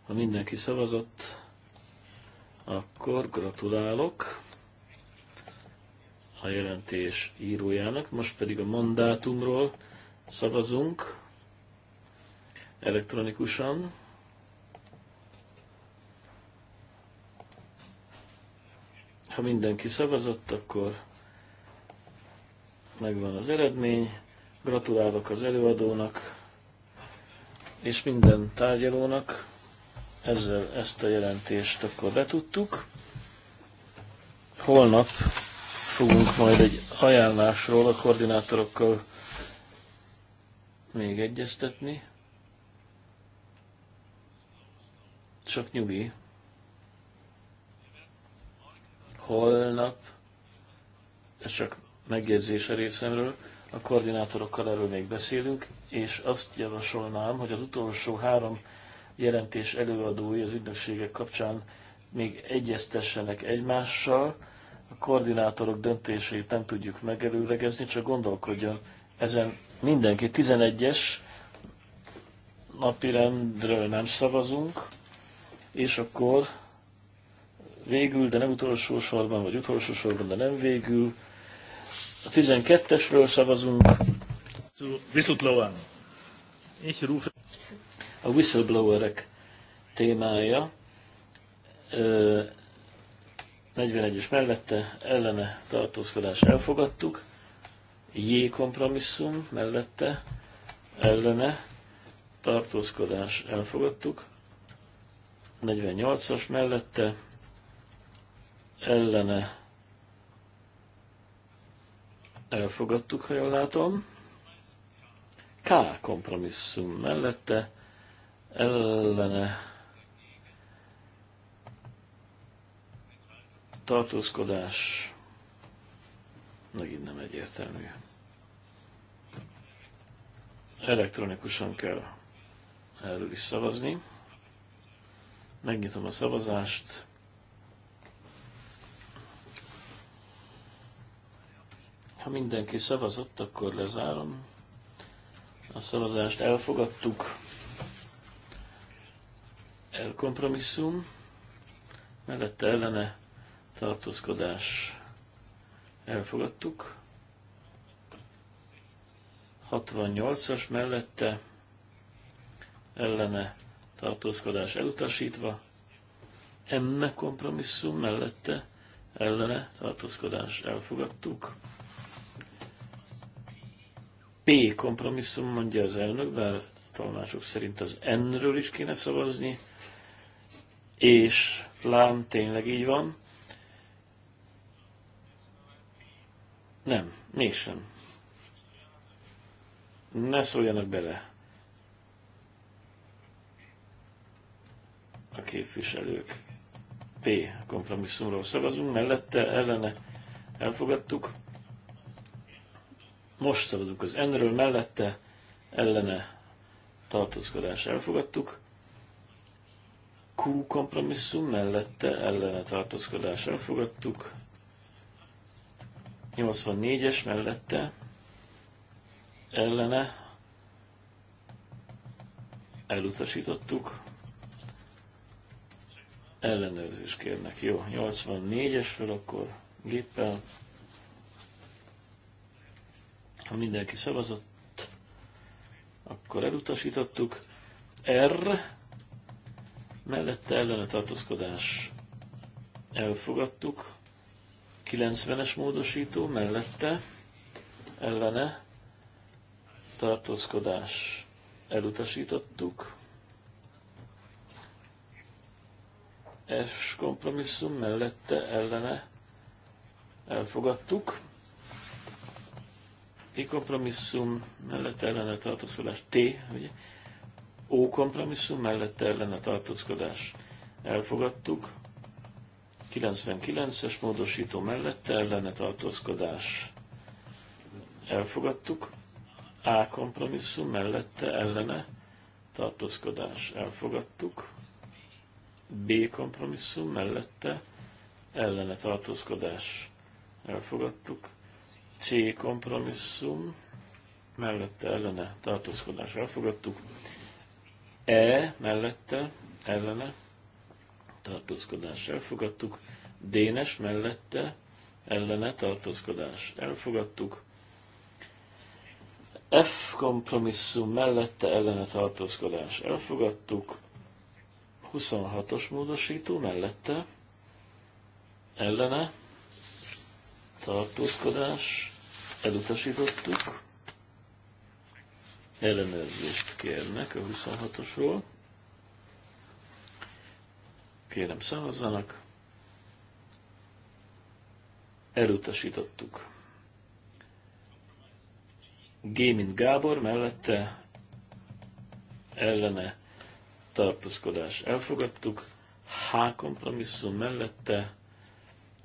Ha mindenki szavazott, akkor gratulálok a jelentés írójának. Most pedig a mandátumról szavazunk elektronikusan. Ha mindenki szavazott, akkor megvan az eredmény. Gratulálok az előadónak és minden tárgyalónak. Ezzel ezt a jelentést akkor betudtuk. Holnap fogunk majd egy ajánlásról a koordinátorokkal még egyeztetni. Csak nyugi holnap, ez csak megjegyzés a részemről, a koordinátorokkal erről még beszélünk, és azt javasolnám, hogy az utolsó három jelentés előadói az ügynökségek kapcsán még egyeztessenek egymással, a koordinátorok döntését nem tudjuk megelőlegezni, csak gondolkodjon ezen mindenki. 11-es napirendről nem szavazunk, és akkor végül, de nem utolsó sorban, vagy utolsó sorban, de nem végül. A 12-esről szavazunk. Whistleblower. A whistleblowerek témája. 41-es mellette ellene tartózkodás elfogadtuk. J kompromisszum mellette ellene tartózkodás elfogadtuk. 48-as mellette ellene elfogadtuk, ha jól látom. K kompromisszum mellette ellene tartózkodás megint nem egyértelmű. Elektronikusan kell erről is szavazni. Megnyitom a szavazást. Ha mindenki szavazott, akkor lezárom. A szavazást elfogadtuk. Elkompromisszum. Mellette ellene tartózkodás. Elfogadtuk. 68-as mellette ellene tartózkodás elutasítva, emme kompromisszum mellette ellene tartózkodás elfogadtuk, P kompromisszum, mondja az elnök, bár tolmások szerint az N-ről is kéne szavazni, és lám tényleg így van. Nem, mégsem. Ne szóljanak bele. A képviselők. P kompromisszumról szavazunk, mellette ellene elfogadtuk. Most szabadunk az enről mellette, ellene tartózkodás elfogadtuk. Q kompromisszum mellette, ellene tartózkodás elfogadtuk. 84-es mellette, ellene elutasítottuk. Ellenőrzést kérnek. Jó, 84 fel akkor géppel ha mindenki szavazott, akkor elutasítottuk. R mellette ellene tartózkodás elfogadtuk. 90-es módosító mellette ellene tartózkodás elutasítottuk. F kompromisszum mellette ellene elfogadtuk. I kompromisszum mellett ellene tartózkodás T, ugye? O kompromisszum mellett ellene tartózkodás elfogadtuk. 99-es módosító mellette ellene tartózkodás elfogadtuk. A kompromisszum mellette ellene tartózkodás elfogadtuk. B kompromisszum mellette ellene tartózkodás elfogadtuk. C kompromisszum, mellette ellene tartózkodás elfogadtuk, E mellette ellene tartózkodás elfogadtuk, Dénes mellette ellene tartózkodás elfogadtuk, F kompromisszum mellette ellene tartózkodás elfogadtuk, 26-os módosító mellette ellene tartózkodás, elutasítottuk, ellenőrzést kérnek a 26-osról, kérem szavazzanak, elutasítottuk. Gémin Gábor, mellette ellene tartózkodás elfogadtuk, H kompromisszum mellette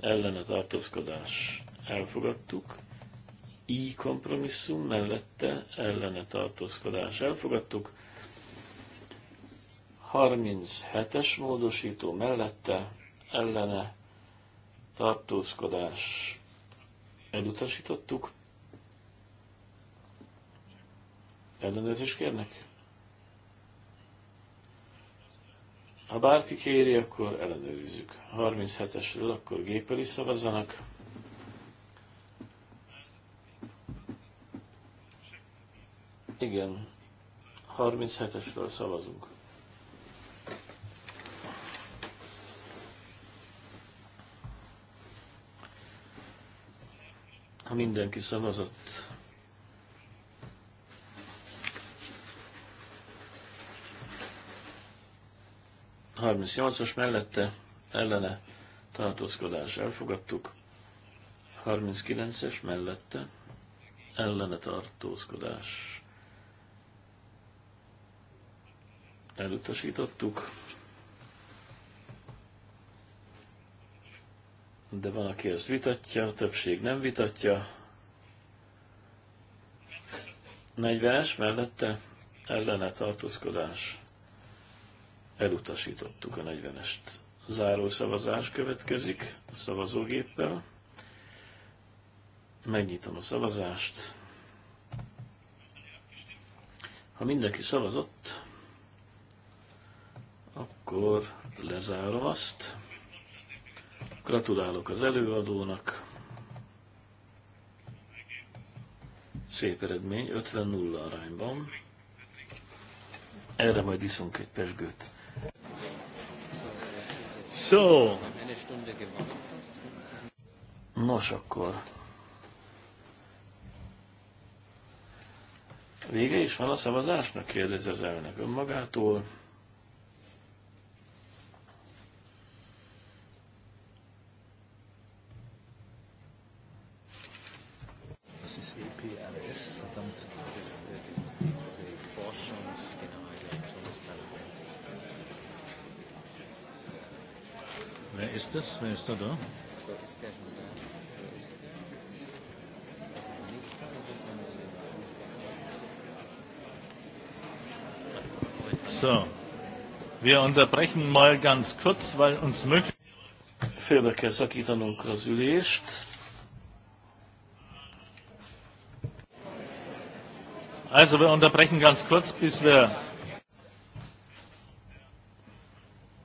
ellene tartózkodás elfogadtuk, I kompromisszum mellette ellene tartózkodás elfogadtuk, 37-es módosító mellette ellene tartózkodás elutasítottuk. Ellenőrzést kérnek? Ha bárki kéri, akkor ellenőrizzük. 37-esről akkor géppel is szavazzanak. Igen, 37-esről szavazunk. Ha mindenki szavazott, 38-as mellette ellene tartózkodás elfogadtuk. 39-es mellette ellene tartózkodás elutasítottuk. De van, aki ezt vitatja, a többség nem vitatja. 40-es mellette ellene tartózkodás Elutasítottuk a 40-est. Záró szavazás következik a szavazógéppel. Megnyitom a szavazást. Ha mindenki szavazott, akkor lezárom azt. Gratulálok az előadónak. Szép eredmény, 50-0 arányban. Erre majd iszunk egy pesgőt. So. Nos akkor. Vége is van a szavazásnak, kérdezi az elnök önmagától. Wer ist das? Wer ist da da? So, wir unterbrechen mal ganz kurz, weil uns möglich... Félbe kell szakítanunk az ülést. Also wir unterbrechen ganz kurz, bis wir...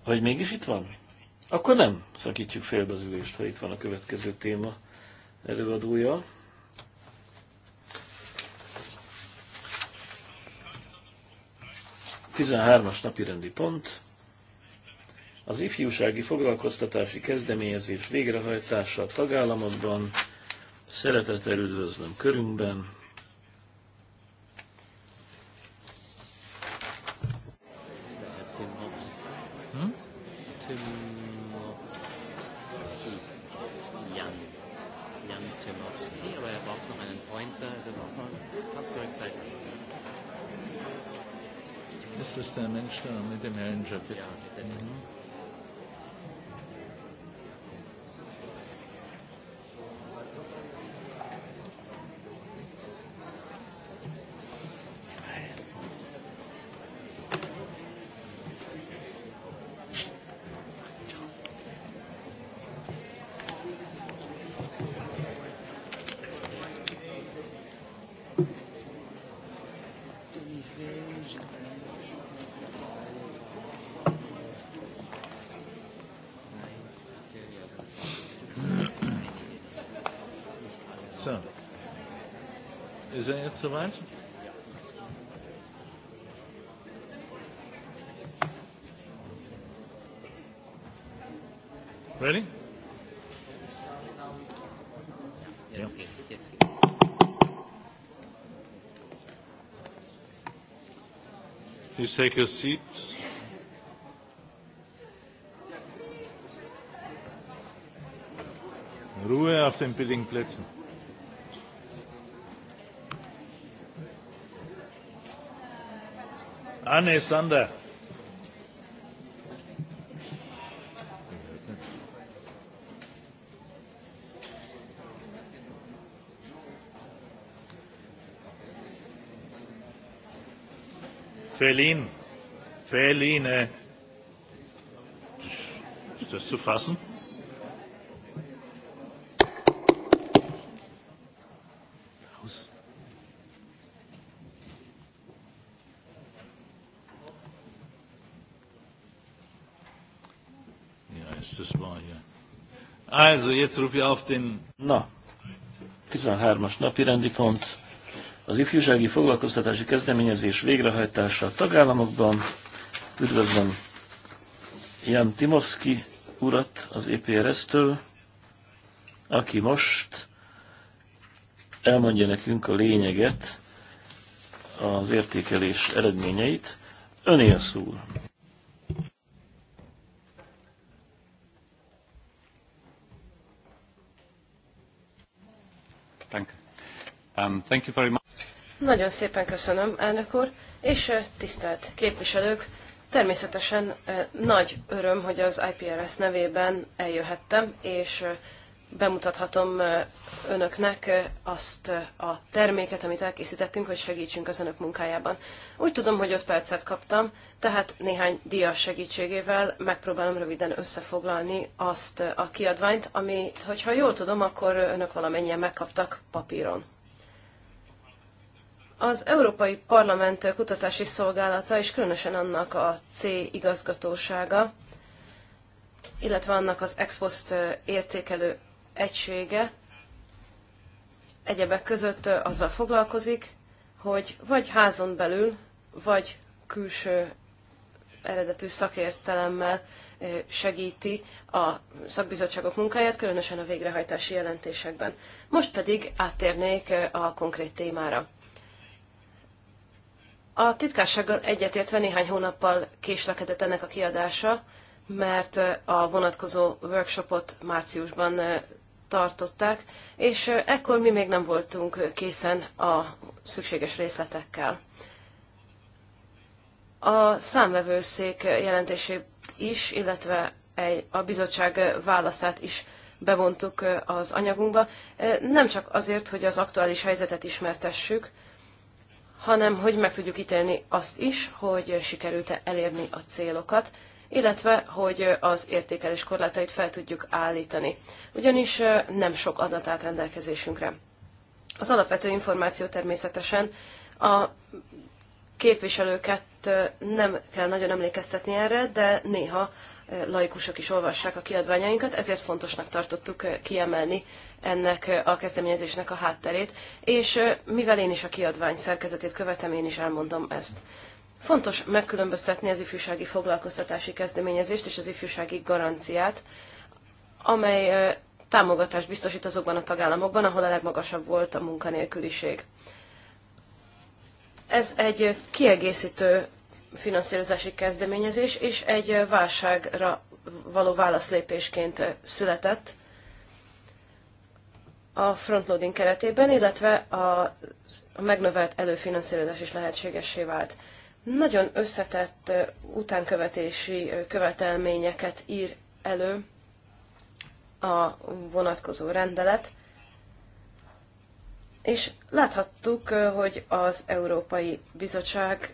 Vagy mégis itt van? Akkor nem szakítjuk félbe az ülést, ha itt van a következő téma előadója. Tizenhármas napi rendi pont. Az ifjúsági foglalkoztatási kezdeményezés végrehajtása a tagállamokban. Szeretettel üdvözlöm körünkben mit dem So. is that it so much? Ready? Yes, Please take your seats. Ruhe auf den billigen Plätzen. Anne Sander. Felin. Feline. Ist das zu fassen? Also jetzt rufe auf den... Na, 13-as napi rendi pont. Az ifjúsági foglalkoztatási kezdeményezés végrehajtása a tagállamokban. Üdvözlöm Jan Timovski urat az EPRS-től, aki most elmondja nekünk a lényeget, az értékelés eredményeit. Öné a Thank you very much. Nagyon szépen köszönöm, elnök úr, és tisztelt képviselők, természetesen nagy öröm, hogy az IPRS nevében eljöhettem, és bemutathatom önöknek azt a terméket, amit elkészítettünk, hogy segítsünk az önök munkájában. Úgy tudom, hogy 5 percet kaptam, tehát néhány dia segítségével megpróbálom röviden összefoglalni azt a kiadványt, amit, hogyha jól tudom, akkor önök valamennyien megkaptak papíron. Az Európai Parlament kutatási szolgálata, és különösen annak a C igazgatósága, illetve annak az expost értékelő egysége egyebek között azzal foglalkozik, hogy vagy házon belül, vagy külső eredetű szakértelemmel eh, segíti a szakbizottságok munkáját, különösen a végrehajtási jelentésekben. Most pedig áttérnék eh, a konkrét témára. A titkársággal egyetértve néhány hónappal késlekedett ennek a kiadása, mert a vonatkozó workshopot márciusban tartották, és ekkor mi még nem voltunk készen a szükséges részletekkel. A számvevőszék jelentését is, illetve a bizottság válaszát is bevontuk az anyagunkba, nem csak azért, hogy az aktuális helyzetet ismertessük, hanem hogy meg tudjuk ítélni azt is, hogy sikerült-e elérni a célokat, illetve hogy az értékelés korlátait fel tudjuk állítani, ugyanis nem sok adat állt rendelkezésünkre. Az alapvető információ természetesen a képviselőket nem kell nagyon emlékeztetni erre, de néha laikusok is olvassák a kiadványainkat, ezért fontosnak tartottuk kiemelni ennek eh, a kezdeményezésnek a hátterét, és eh, mivel én is a kiadvány szerkezetét követem, én is elmondom ezt. Fontos megkülönböztetni az ifjúsági foglalkoztatási kezdeményezést és az ifjúsági garanciát, amely eh, támogatást biztosít azokban a tagállamokban, ahol a legmagasabb volt a munkanélküliség. Ez egy kiegészítő finanszírozási kezdeményezés, és egy válságra való válaszlépésként született a frontloading keretében, illetve a, a megnövelt előfinanszírozás is lehetségessé vált. Nagyon összetett utánkövetési követelményeket ír elő a vonatkozó rendelet, és láthattuk, hogy az Európai Bizottság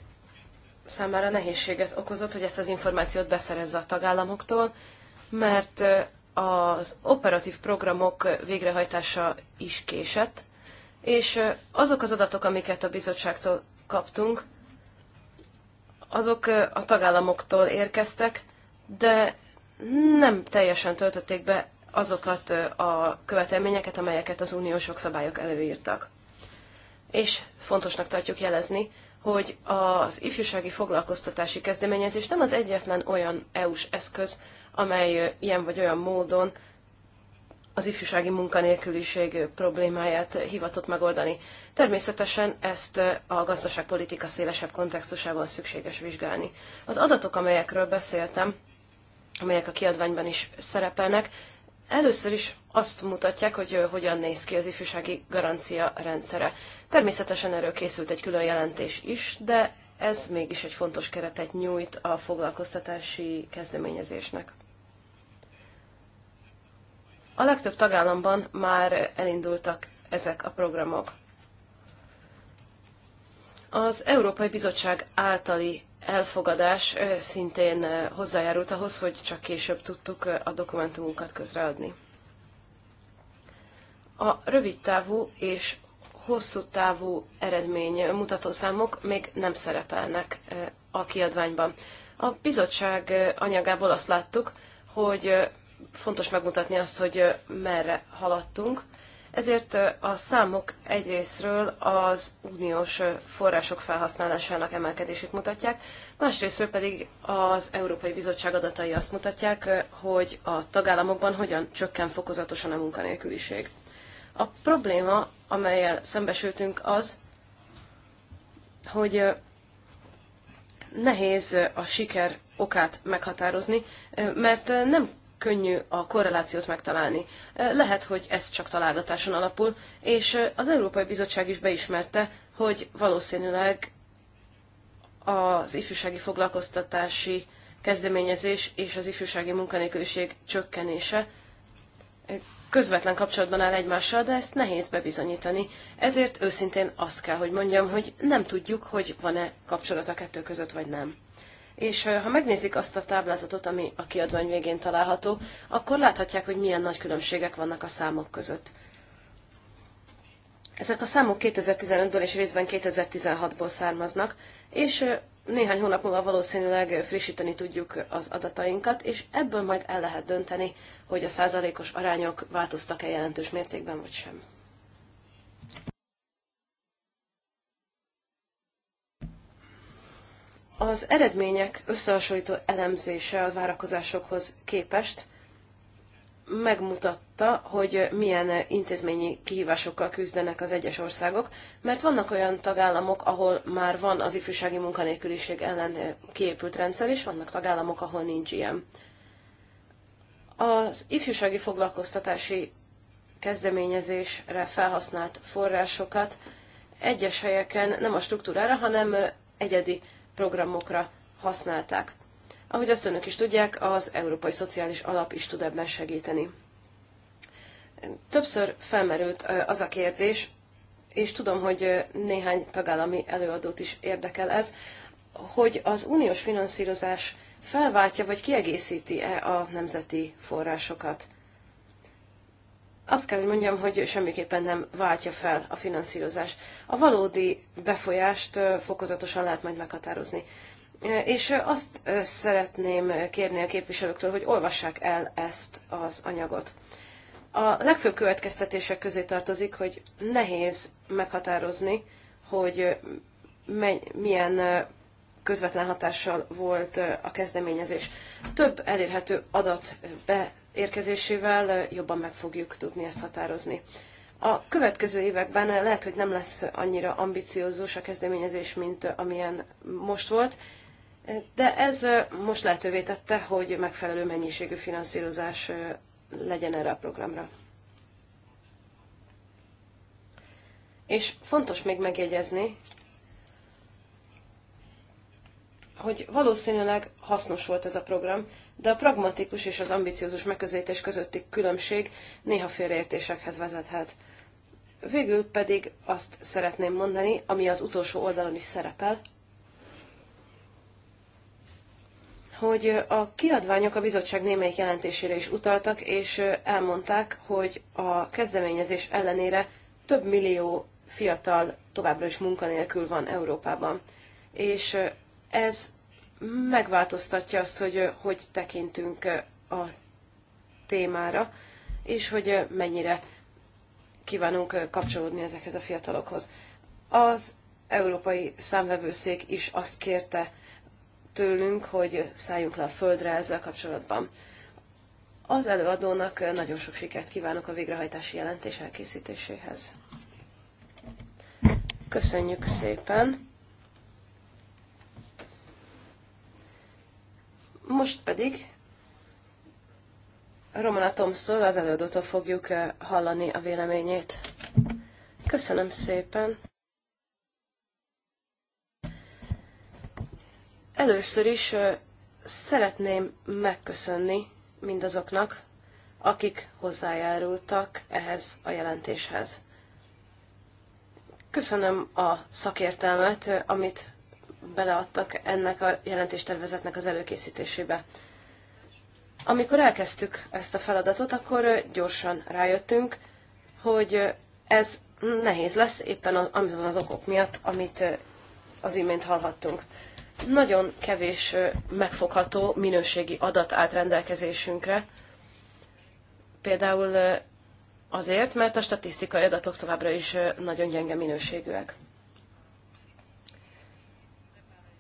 számára nehézséget okozott, hogy ezt az információt beszerezze a tagállamoktól, mert az operatív programok végrehajtása is késett, és azok az adatok, amiket a bizottságtól kaptunk, azok a tagállamoktól érkeztek, de nem teljesen töltötték be azokat a követelményeket, amelyeket az uniós jogszabályok előírtak. És fontosnak tartjuk jelezni, hogy az ifjúsági foglalkoztatási kezdeményezés nem az egyetlen olyan EU-s eszköz, amely ilyen vagy olyan módon az ifjúsági munkanélküliség problémáját hivatott megoldani. Természetesen ezt a gazdaságpolitika szélesebb kontextusában szükséges vizsgálni. Az adatok, amelyekről beszéltem, amelyek a kiadványban is szerepelnek, először is azt mutatják, hogy hogyan néz ki az ifjúsági garancia rendszere. Természetesen erről készült egy külön jelentés is, de ez mégis egy fontos keretet nyújt a foglalkoztatási kezdeményezésnek. A legtöbb tagállamban már elindultak ezek a programok. Az Európai Bizottság általi elfogadás szintén hozzájárult ahhoz, hogy csak később tudtuk a dokumentumunkat közreadni. A rövidtávú és hosszú távú eredmény mutatószámok még nem szerepelnek a kiadványban. A bizottság anyagából azt láttuk, hogy fontos megmutatni azt, hogy merre haladtunk. Ezért a számok egyrésztről az uniós források felhasználásának emelkedését mutatják, másrésztről pedig az Európai Bizottság adatai azt mutatják, hogy a tagállamokban hogyan csökken fokozatosan a munkanélküliség. A probléma, amelyel szembesültünk az, hogy nehéz a siker okát meghatározni, mert nem könnyű a korrelációt megtalálni. Lehet, hogy ez csak találgatáson alapul, és az Európai Bizottság is beismerte, hogy valószínűleg az ifjúsági foglalkoztatási kezdeményezés és az ifjúsági munkanélküliség csökkenése közvetlen kapcsolatban áll egymással, de ezt nehéz bebizonyítani. Ezért őszintén azt kell, hogy mondjam, hogy nem tudjuk, hogy van-e kapcsolat a kettő között, vagy nem és ha megnézik azt a táblázatot, ami a kiadvány végén található, akkor láthatják, hogy milyen nagy különbségek vannak a számok között. Ezek a számok 2015-ből és részben 2016-ból származnak, és néhány hónap múlva valószínűleg frissíteni tudjuk az adatainkat, és ebből majd el lehet dönteni, hogy a százalékos arányok változtak-e jelentős mértékben, vagy sem. Az eredmények összehasonlító elemzése a várakozásokhoz képest megmutatta, hogy milyen intézményi kihívásokkal küzdenek az egyes országok, mert vannak olyan tagállamok, ahol már van az ifjúsági munkanélküliség ellen kiépült rendszer, és vannak tagállamok, ahol nincs ilyen. Az ifjúsági foglalkoztatási kezdeményezésre felhasznált forrásokat egyes helyeken nem a struktúrára, hanem egyedi programokra használták. Ahogy azt önök is tudják, az Európai Szociális Alap is tud ebben segíteni. Többször felmerült az a kérdés, és tudom, hogy néhány tagállami előadót is érdekel ez, hogy az uniós finanszírozás felváltja vagy kiegészíti-e a nemzeti forrásokat azt kell, hogy mondjam, hogy semmiképpen nem váltja fel a finanszírozás. A valódi befolyást fokozatosan lehet majd meghatározni. És azt szeretném kérni a képviselőktől, hogy olvassák el ezt az anyagot. A legfőbb következtetések közé tartozik, hogy nehéz meghatározni, hogy milyen közvetlen hatással volt a kezdeményezés. Több elérhető adat be érkezésével jobban meg fogjuk tudni ezt határozni. A következő években lehet, hogy nem lesz annyira ambiciózus a kezdeményezés, mint amilyen most volt, de ez most lehetővé tette, hogy megfelelő mennyiségű finanszírozás legyen erre a programra. És fontos még megjegyezni, hogy valószínűleg hasznos volt ez a program, de a pragmatikus és az ambiciózus megközelítés közötti különbség néha félreértésekhez vezethet. Végül pedig azt szeretném mondani, ami az utolsó oldalon is szerepel, hogy a kiadványok a bizottság némelyik jelentésére is utaltak, és elmondták, hogy a kezdeményezés ellenére több millió fiatal továbbra is munkanélkül van Európában. És ez megváltoztatja azt, hogy hogy tekintünk a témára, és hogy mennyire kívánunk kapcsolódni ezekhez a fiatalokhoz. Az Európai Számvevőszék is azt kérte tőlünk, hogy szálljunk le a földre ezzel kapcsolatban. Az előadónak nagyon sok sikert kívánok a végrehajtási jelentés elkészítéséhez. Köszönjük szépen! Most pedig Romana Tomszól, az előadótól fogjuk eh, hallani a véleményét. Köszönöm szépen! Először is eh, szeretném megköszönni mindazoknak, akik hozzájárultak ehhez a jelentéshez. Köszönöm a szakértelmet, eh, amit beleadtak ennek a jelentéstervezetnek az előkészítésébe. Amikor elkezdtük ezt a feladatot, akkor gyorsan rájöttünk, hogy ez nehéz lesz, éppen azon az okok miatt, amit az imént hallhattunk. Nagyon kevés megfogható minőségi adat állt rendelkezésünkre. Például azért, mert a statisztikai adatok továbbra is nagyon gyenge minőségűek.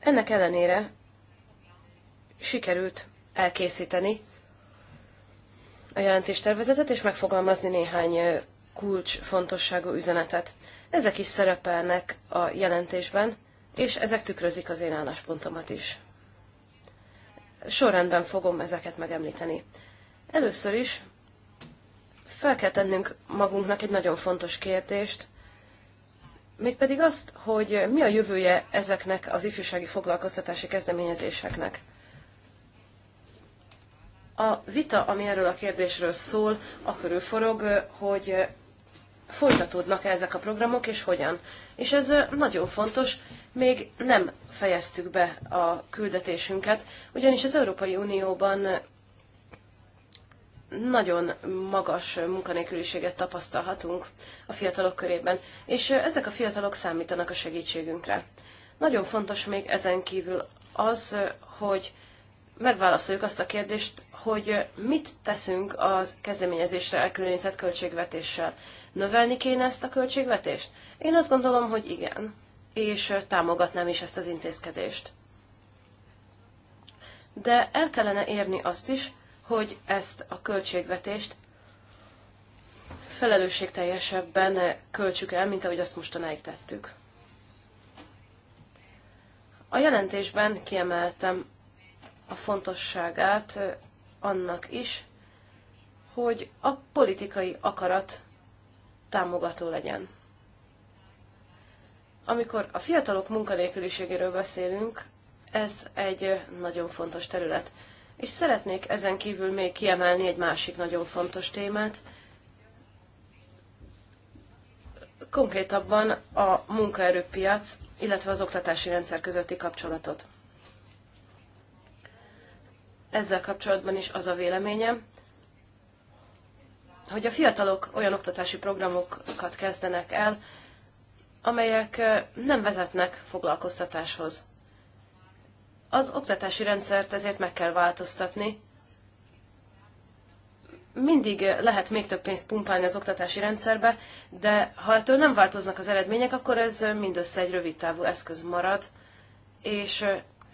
Ennek ellenére sikerült elkészíteni a jelentéstervezetet és megfogalmazni néhány kulcsfontosságú üzenetet. Ezek is szerepelnek a jelentésben, és ezek tükrözik az én álláspontomat is. Sorrendben fogom ezeket megemlíteni. Először is fel kell tennünk magunknak egy nagyon fontos kérdést, mégpedig azt, hogy mi a jövője ezeknek az ifjúsági foglalkoztatási kezdeményezéseknek. A vita, ami erről a kérdésről szól, a forog, hogy folytatódnak -e ezek a programok, és hogyan. És ez nagyon fontos, még nem fejeztük be a küldetésünket, ugyanis az Európai Unióban nagyon magas munkanélküliséget tapasztalhatunk a fiatalok körében, és ezek a fiatalok számítanak a segítségünkre. Nagyon fontos még ezen kívül az, hogy megválaszoljuk azt a kérdést, hogy mit teszünk a kezdeményezésre elkülönített költségvetéssel. Növelni kéne ezt a költségvetést? Én azt gondolom, hogy igen, és támogatnám is ezt az intézkedést. De el kellene érni azt is, hogy ezt a költségvetést felelősségteljesebben költsük el, mint ahogy azt mostanáig tettük. A jelentésben kiemeltem a fontosságát annak is, hogy a politikai akarat támogató legyen. Amikor a fiatalok munkanélküliségéről beszélünk, ez egy nagyon fontos terület. És szeretnék ezen kívül még kiemelni egy másik nagyon fontos témát. Konkrétabban a munkaerőpiac, illetve az oktatási rendszer közötti kapcsolatot. Ezzel kapcsolatban is az a véleményem, hogy a fiatalok olyan oktatási programokat kezdenek el, amelyek nem vezetnek foglalkoztatáshoz. Az oktatási rendszert ezért meg kell változtatni. Mindig lehet még több pénzt pumpálni az oktatási rendszerbe, de ha ettől nem változnak az eredmények, akkor ez mindössze egy rövidtávú eszköz marad, és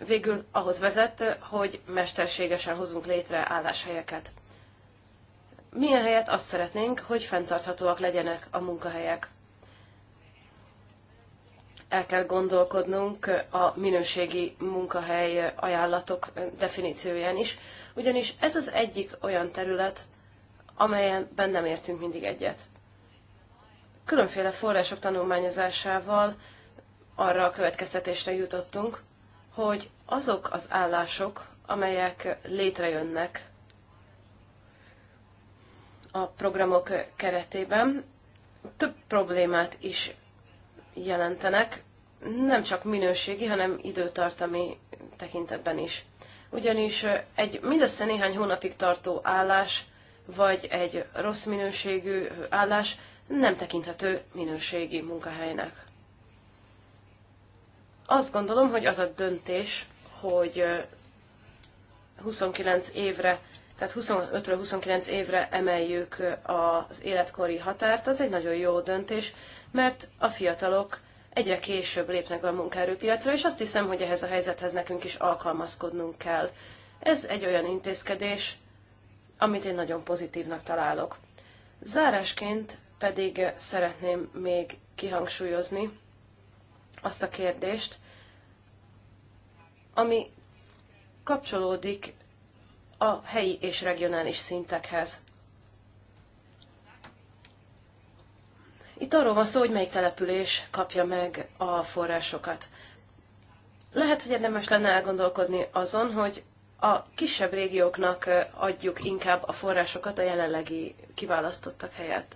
végül ahhoz vezet, hogy mesterségesen hozunk létre álláshelyeket. Milyen helyet azt szeretnénk, hogy fenntarthatóak legyenek a munkahelyek el kell gondolkodnunk a minőségi munkahely ajánlatok definícióján is, ugyanis ez az egyik olyan terület, amelyen nem értünk mindig egyet. Különféle források tanulmányozásával arra a következtetésre jutottunk, hogy azok az állások, amelyek létrejönnek a programok keretében, több problémát is jelentenek, nem csak minőségi, hanem időtartami tekintetben is. Ugyanis egy mindössze néhány hónapig tartó állás, vagy egy rossz minőségű állás nem tekinthető minőségi munkahelynek. Azt gondolom, hogy az a döntés, hogy 29 évre, tehát 25-29 évre emeljük az életkori határt, az egy nagyon jó döntés, mert a fiatalok egyre később lépnek be a munkaerőpiacra, és azt hiszem, hogy ehhez a helyzethez nekünk is alkalmazkodnunk kell. Ez egy olyan intézkedés, amit én nagyon pozitívnak találok. Zárásként pedig szeretném még kihangsúlyozni azt a kérdést, ami kapcsolódik a helyi és regionális szintekhez. Itt arról van szó, hogy melyik település kapja meg a forrásokat. Lehet, hogy érdemes lenne elgondolkodni azon, hogy a kisebb régióknak adjuk inkább a forrásokat a jelenlegi kiválasztottak helyett.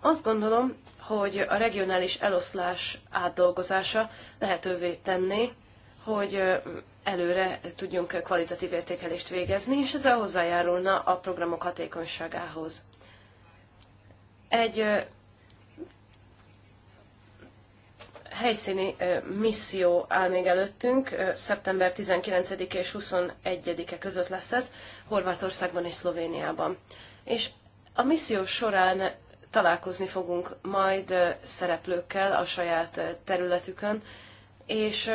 Azt gondolom, hogy a regionális eloszlás átdolgozása lehetővé tenné, hogy előre tudjunk kvalitatív értékelést végezni, és ezzel hozzájárulna a programok hatékonyságához egy helyszíni misszió áll még előttünk, szeptember 19 -e és 21-e között lesz ez, Horvátországban és Szlovéniában. És a misszió során találkozni fogunk majd szereplőkkel a saját területükön, és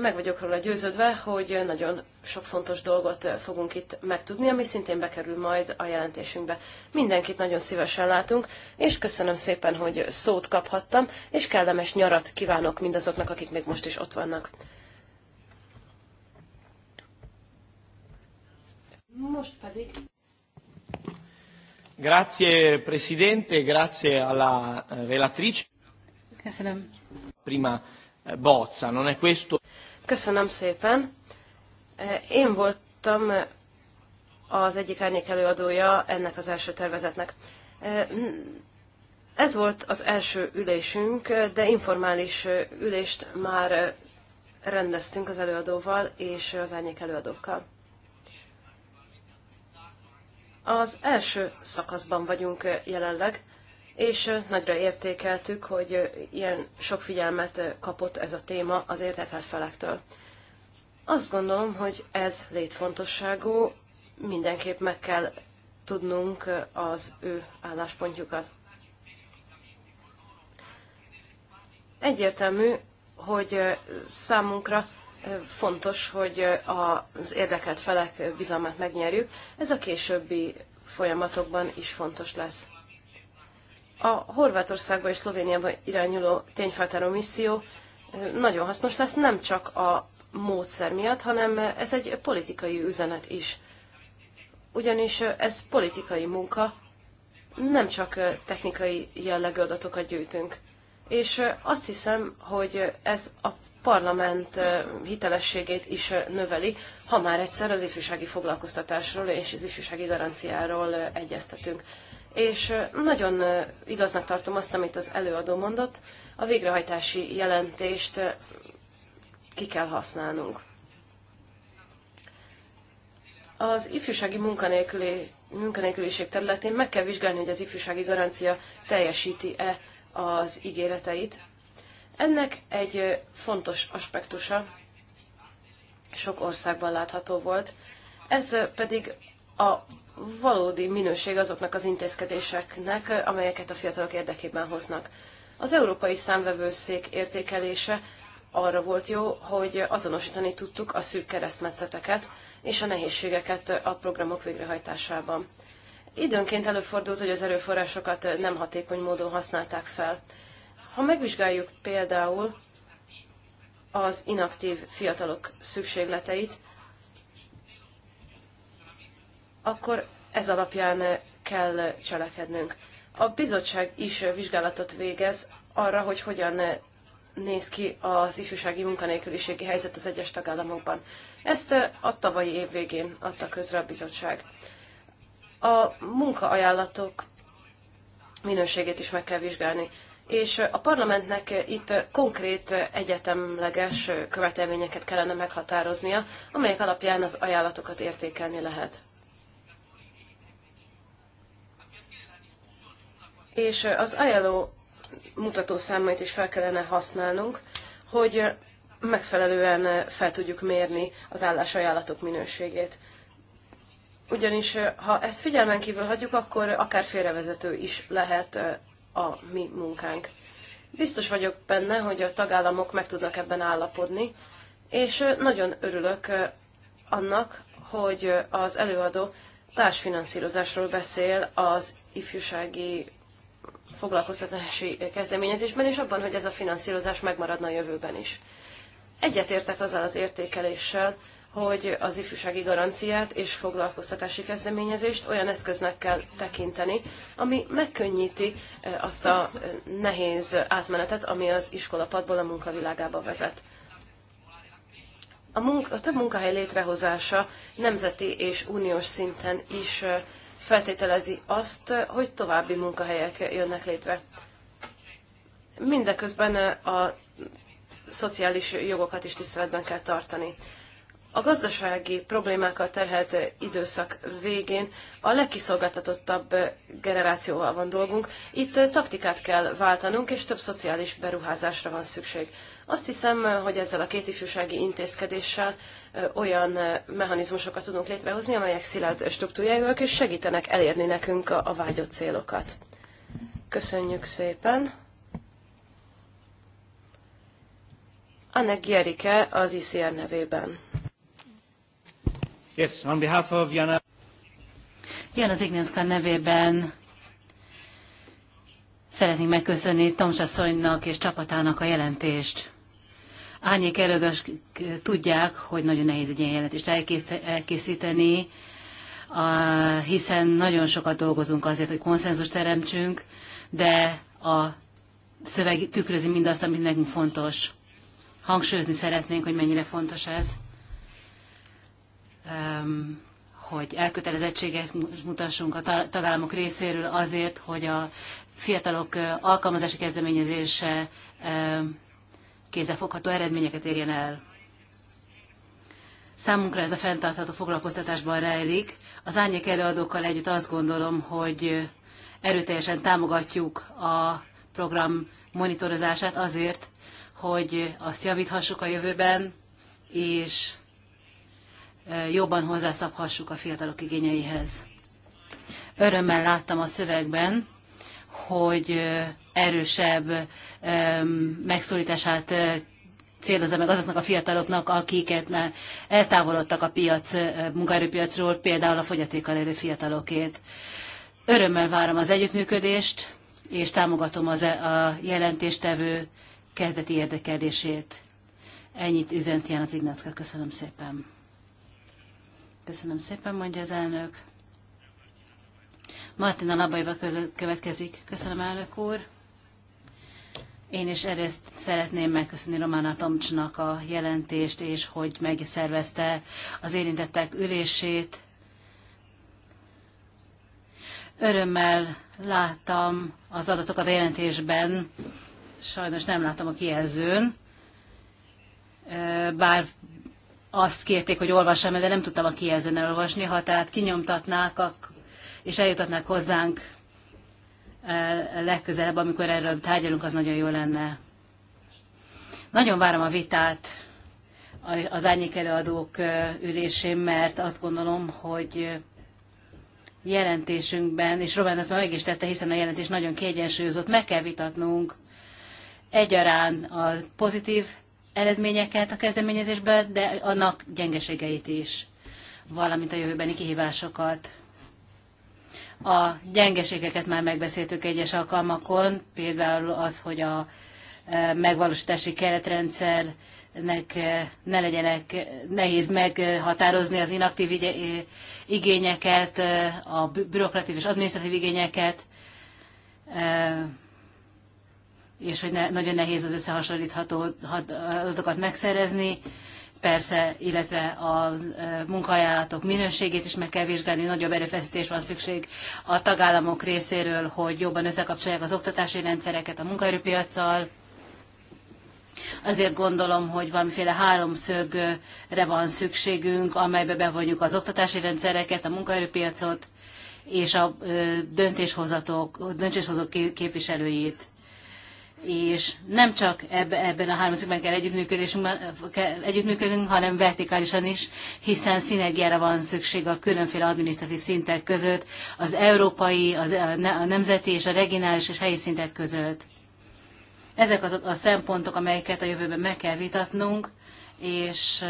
meg vagyok róla győződve, hogy nagyon sok fontos dolgot fogunk itt megtudni, ami szintén bekerül majd a jelentésünkbe. Mindenkit nagyon szívesen látunk, és köszönöm szépen, hogy szót kaphattam, és kellemes nyarat kívánok mindazoknak, akik még most is ott vannak. Most pedig. Grazie Presidente, grazie alla eh, relatrice. Köszönöm. Prima Eh, bozza, non è questo? Köszönöm szépen. Eh, én voltam eh, az egyik árnyék előadója ennek az első tervezetnek. Ez volt az első ülésünk, de informális ülést már rendeztünk az előadóval és az árnyék előadókkal. Az első szakaszban vagyunk jelenleg, és nagyra értékeltük, hogy ilyen sok figyelmet kapott ez a téma az érdekelt felektől. Azt gondolom, hogy ez létfontosságú, mindenképp meg kell tudnunk az ő álláspontjukat. Egyértelmű, hogy számunkra fontos, hogy az érdekelt felek bizalmát megnyerjük. Ez a későbbi folyamatokban is fontos lesz. A Horvátországba és Szlovéniába irányuló tényfeltáró misszió nagyon hasznos lesz, nem csak a módszer miatt, hanem ez egy politikai üzenet is. Ugyanis ez politikai munka, nem csak technikai jellegű adatokat gyűjtünk. És azt hiszem, hogy ez a parlament hitelességét is növeli, ha már egyszer az ifjúsági foglalkoztatásról és az ifjúsági garanciáról egyeztetünk és nagyon igaznak tartom azt, amit az előadó mondott, a végrehajtási jelentést ki kell használnunk. Az ifjúsági munkanélküli, munkanélküliség területén meg kell vizsgálni, hogy az ifjúsági garancia teljesíti-e az ígéreteit. Ennek egy fontos aspektusa sok országban látható volt, ez pedig a valódi minőség azoknak az intézkedéseknek, amelyeket a fiatalok érdekében hoznak. Az Európai Számvevőszék értékelése arra volt jó, hogy azonosítani tudtuk a szűk keresztmetszeteket és a nehézségeket a programok végrehajtásában. Időnként előfordult, hogy az erőforrásokat nem hatékony módon használták fel. Ha megvizsgáljuk például az inaktív fiatalok szükségleteit, akkor ez alapján kell cselekednünk. A bizottság is vizsgálatot végez arra, hogy hogyan néz ki az ifjúsági munkanélküliségi helyzet az egyes tagállamokban. Ezt a tavalyi év végén adta közre a bizottság. A munkaajánlatok minőségét is meg kell vizsgálni, és a parlamentnek itt konkrét egyetemleges követelményeket kellene meghatároznia, amelyek alapján az ajánlatokat értékelni lehet. és az mutató mutatószámait is fel kellene használnunk, hogy megfelelően fel tudjuk mérni az állásajánlatok minőségét. Ugyanis ha ezt figyelmen kívül hagyjuk, akkor akár félrevezető is lehet a mi munkánk. Biztos vagyok benne, hogy a tagállamok meg tudnak ebben állapodni, és nagyon örülök annak, hogy az előadó társfinanszírozásról beszél az ifjúsági foglalkoztatási kezdeményezésben, és abban, hogy ez a finanszírozás megmaradna a jövőben is. Egyetértek azzal az értékeléssel, hogy az ifjúsági garanciát és foglalkoztatási kezdeményezést olyan eszköznek kell tekinteni, ami megkönnyíti eh, azt a eh, nehéz átmenetet, ami az iskolapadból a munkavilágába vezet. A, munka, a több munkahely létrehozása nemzeti és uniós szinten is eh, feltételezi azt, hogy további munkahelyek jönnek létre. Mindeközben a szociális jogokat is tiszteletben kell tartani. A gazdasági problémákkal terhelt időszak végén a legkiszolgáltatottabb generációval van dolgunk. Itt taktikát kell váltanunk, és több szociális beruházásra van szükség. Azt hiszem, hogy ezzel a két ifjúsági intézkedéssel olyan mechanizmusokat tudunk létrehozni, amelyek szilárd struktúrájúak és segítenek elérni nekünk a vágyott célokat. Köszönjük szépen! Anne Gierike az ICR nevében. Yes, on behalf of Jana... Jana Zigninska nevében szeretnénk megköszönni Tomsasszonynak és csapatának a jelentést árnyék előadás eh, tudják, hogy nagyon nehéz egy ilyen jelentést elkészíteni, hiszen nagyon sokat dolgozunk azért, hogy konszenzus teremtsünk, de a szöveg tükrözi mindazt, ami nekünk fontos. Hangsúlyozni szeretnénk, hogy mennyire fontos ez, hogy elkötelezettséget mutassunk a tagállamok részéről azért, hogy a fiatalok eh, alkalmazási kezdeményezése kézefogható eredményeket érjen el. Számunkra ez a fenntartható foglalkoztatásban rejlik. Az árnyék előadókkal együtt azt gondolom, hogy erőteljesen támogatjuk a program monitorozását azért, hogy azt javíthassuk a jövőben, és e, jobban hozzászabhassuk a fiatalok igényeihez. Örömmel láttam a szövegben, hogy erősebb megszólítását célozza meg azoknak a fiataloknak, akiket már eltávolodtak a piac, munkaerőpiacról, például a fogyatékkal élő fiatalokét. Örömmel várom az együttműködést, és támogatom az e, a jelentéstevő kezdeti érdeklődését. Ennyit üzent Ján az Ignácka. Köszönöm szépen. Köszönöm szépen, mondja az elnök. Martina Labajba következik. Köszönöm, elnök úr. Én is ezt szeretném megköszönni Román Tomcsnak a jelentést, és hogy megszervezte az érintettek ülését. Örömmel láttam az adatokat a jelentésben, sajnos nem láttam a kijelzőn, bár azt kérték, hogy olvassam, de nem tudtam a kijelzőn elolvasni, ha tehát kinyomtatnák, és eljutatnák hozzánk e, legközelebb, amikor erről tárgyalunk, az nagyon jó lenne. Nagyon várom a vitát az árnyék előadók e, ülésén, mert azt gondolom, hogy jelentésünkben, és Robert ezt már meg is tette, hiszen a jelentés nagyon kiegyensúlyozott, meg kell vitatnunk egyaránt a pozitív eredményeket a kezdeményezésben, de annak gyengeségeit is, valamint a jövőbeni kihívásokat. A gyengeségeket már megbeszéltük egyes alkalmakon, például az, hogy a e, megvalósítási keretrendszernek e, ne legyenek e, nehéz meghatározni az inaktív igényeket, a bürokratív és adminisztratív igényeket, és hogy ne, nagyon nehéz az összehasonlítható adatokat megszerezni persze, illetve a munkaajánlatok minőségét is meg kell vizsgálni, nagyobb erőfeszítés van szükség a tagállamok részéről, hogy jobban összekapcsolják az oktatási rendszereket a munkaerőpiacsal. Azért gondolom, hogy valamiféle háromszögre van szükségünk, amelybe bevonjuk az oktatási rendszereket, a munkaerőpiacot és a döntéshozók képviselőjét és nem csak ebben a háromszögben kell együttműködésünkben kell együttműködünk, hanem vertikálisan is, hiszen szinergiára van szükség a különféle adminisztratív szintek között, az európai, az, a nemzeti és a regionális és helyi szintek között. Ezek azok a szempontok, amelyeket a jövőben meg kell vitatnunk, és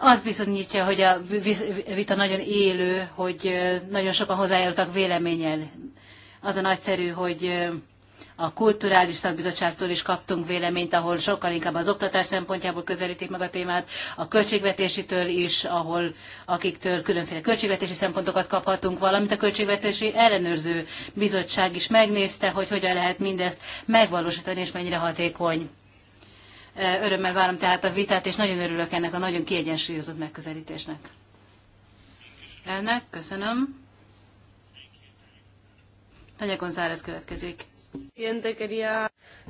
az bizonyítja, hogy a vita nagyon élő, hogy nagyon sokan hozzájárultak véleményel, az a nagyszerű, hogy a kulturális szakbizottságtól is kaptunk véleményt, ahol sokkal inkább az oktatás szempontjából közelítik meg a témát, a költségvetésitől is, ahol akiktől különféle költségvetési szempontokat kaphatunk, valamint a költségvetési ellenőrző bizottság is megnézte, hogy hogyan lehet mindezt megvalósítani és mennyire hatékony. Örömmel várom tehát a vitát, és nagyon örülök ennek a nagyon kiegyensúlyozott megközelítésnek. Elnök, köszönöm. Tanya González következik.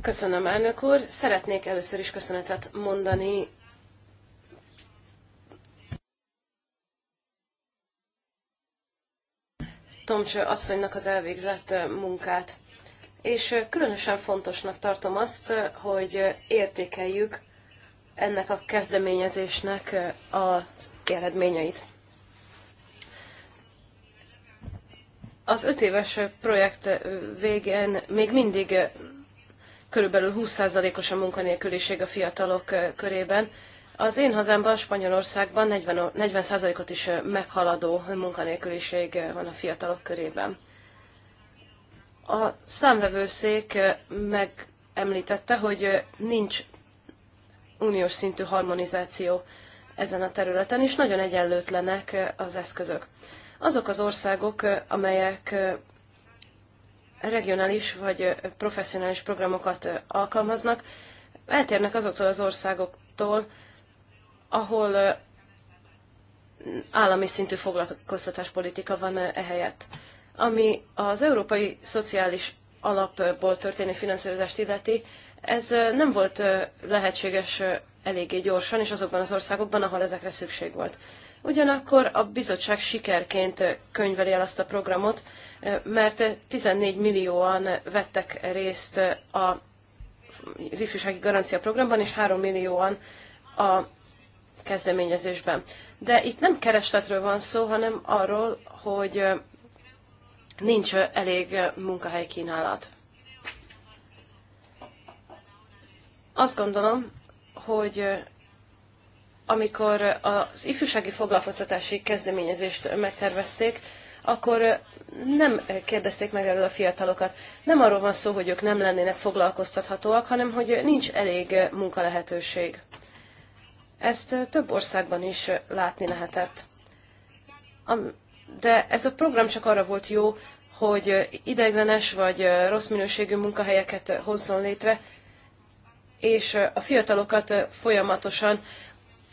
Köszönöm, elnök úr. Szeretnék először is köszönetet mondani Tomcső asszonynak az elvégzett munkát. És különösen fontosnak tartom azt, hogy értékeljük ennek a kezdeményezésnek az eredményeit. az öt éves projekt végén még mindig körülbelül 20%-os a munkanélküliség a fiatalok körében. Az én hazámban, Spanyolországban 40%-ot is meghaladó munkanélküliség van a fiatalok körében. A számvevőszék megemlítette, hogy nincs uniós szintű harmonizáció ezen a területen, és nagyon egyenlőtlenek az eszközök azok az országok, amelyek regionális vagy professzionális programokat alkalmaznak, eltérnek azoktól az országoktól, ahol állami szintű foglalkoztatáspolitika van ehelyett. Ami az Európai Szociális Alapból történő finanszírozást illeti, ez nem volt lehetséges eléggé gyorsan, és azokban az országokban, ahol ezekre szükség volt. Ugyanakkor a bizottság sikerként könyveli el azt a programot, mert 14 millióan vettek részt a, az ifjúsági garancia programban, és 3 millióan a kezdeményezésben. De itt nem keresletről van szó, hanem arról, hogy nincs elég munkahely kínálat. Azt gondolom, hogy amikor az ifjúsági foglalkoztatási kezdeményezést megtervezték, akkor nem kérdezték meg erről a fiatalokat. Nem arról van szó, hogy ők nem lennének foglalkoztathatóak, hanem hogy nincs elég munkalehetőség. Ezt több országban is látni lehetett. De ez a program csak arra volt jó, hogy ideiglenes vagy rossz minőségű munkahelyeket hozzon létre, és a fiatalokat folyamatosan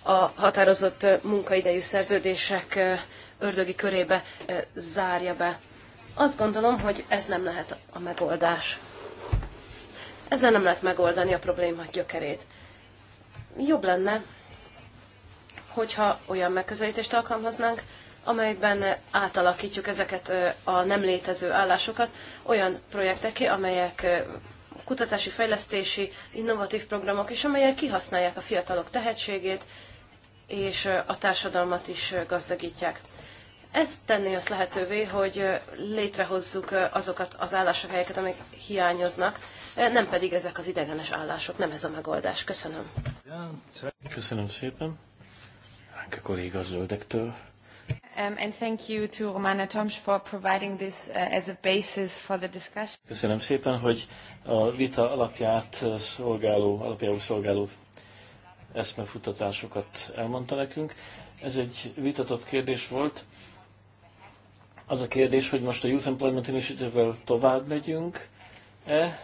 a határozott munkaidejű szerződések ördögi körébe zárja be. Azt gondolom, hogy ez nem lehet a megoldás. Ezzel nem lehet megoldani a probléma gyökerét. Jobb lenne, hogyha olyan megközelítést alkalmaznánk, amelyben átalakítjuk ezeket a nem létező állásokat olyan projekteké, amelyek kutatási, fejlesztési, innovatív programok, és amelyek kihasználják a fiatalok tehetségét, és a társadalmat is gazdagítják. Ez tenni azt lehetővé, hogy létrehozzuk azokat az álláshelyeket, amik hiányoznak, nem pedig ezek az idegenes állások, nem ez a megoldás. Köszönöm. Köszönöm szépen. Hánke kolléga zöldektől. Um, and thank you to Romana Toms for providing this uh, as a basis for the discussion. Köszönöm szépen, hogy a vita alapját szolgáló, alapjául szolgáló eszmefutatásokat elmondta nekünk. Ez egy vitatott kérdés volt. Az a kérdés, hogy most a Youth Employment Initiative-vel tovább megyünk, e,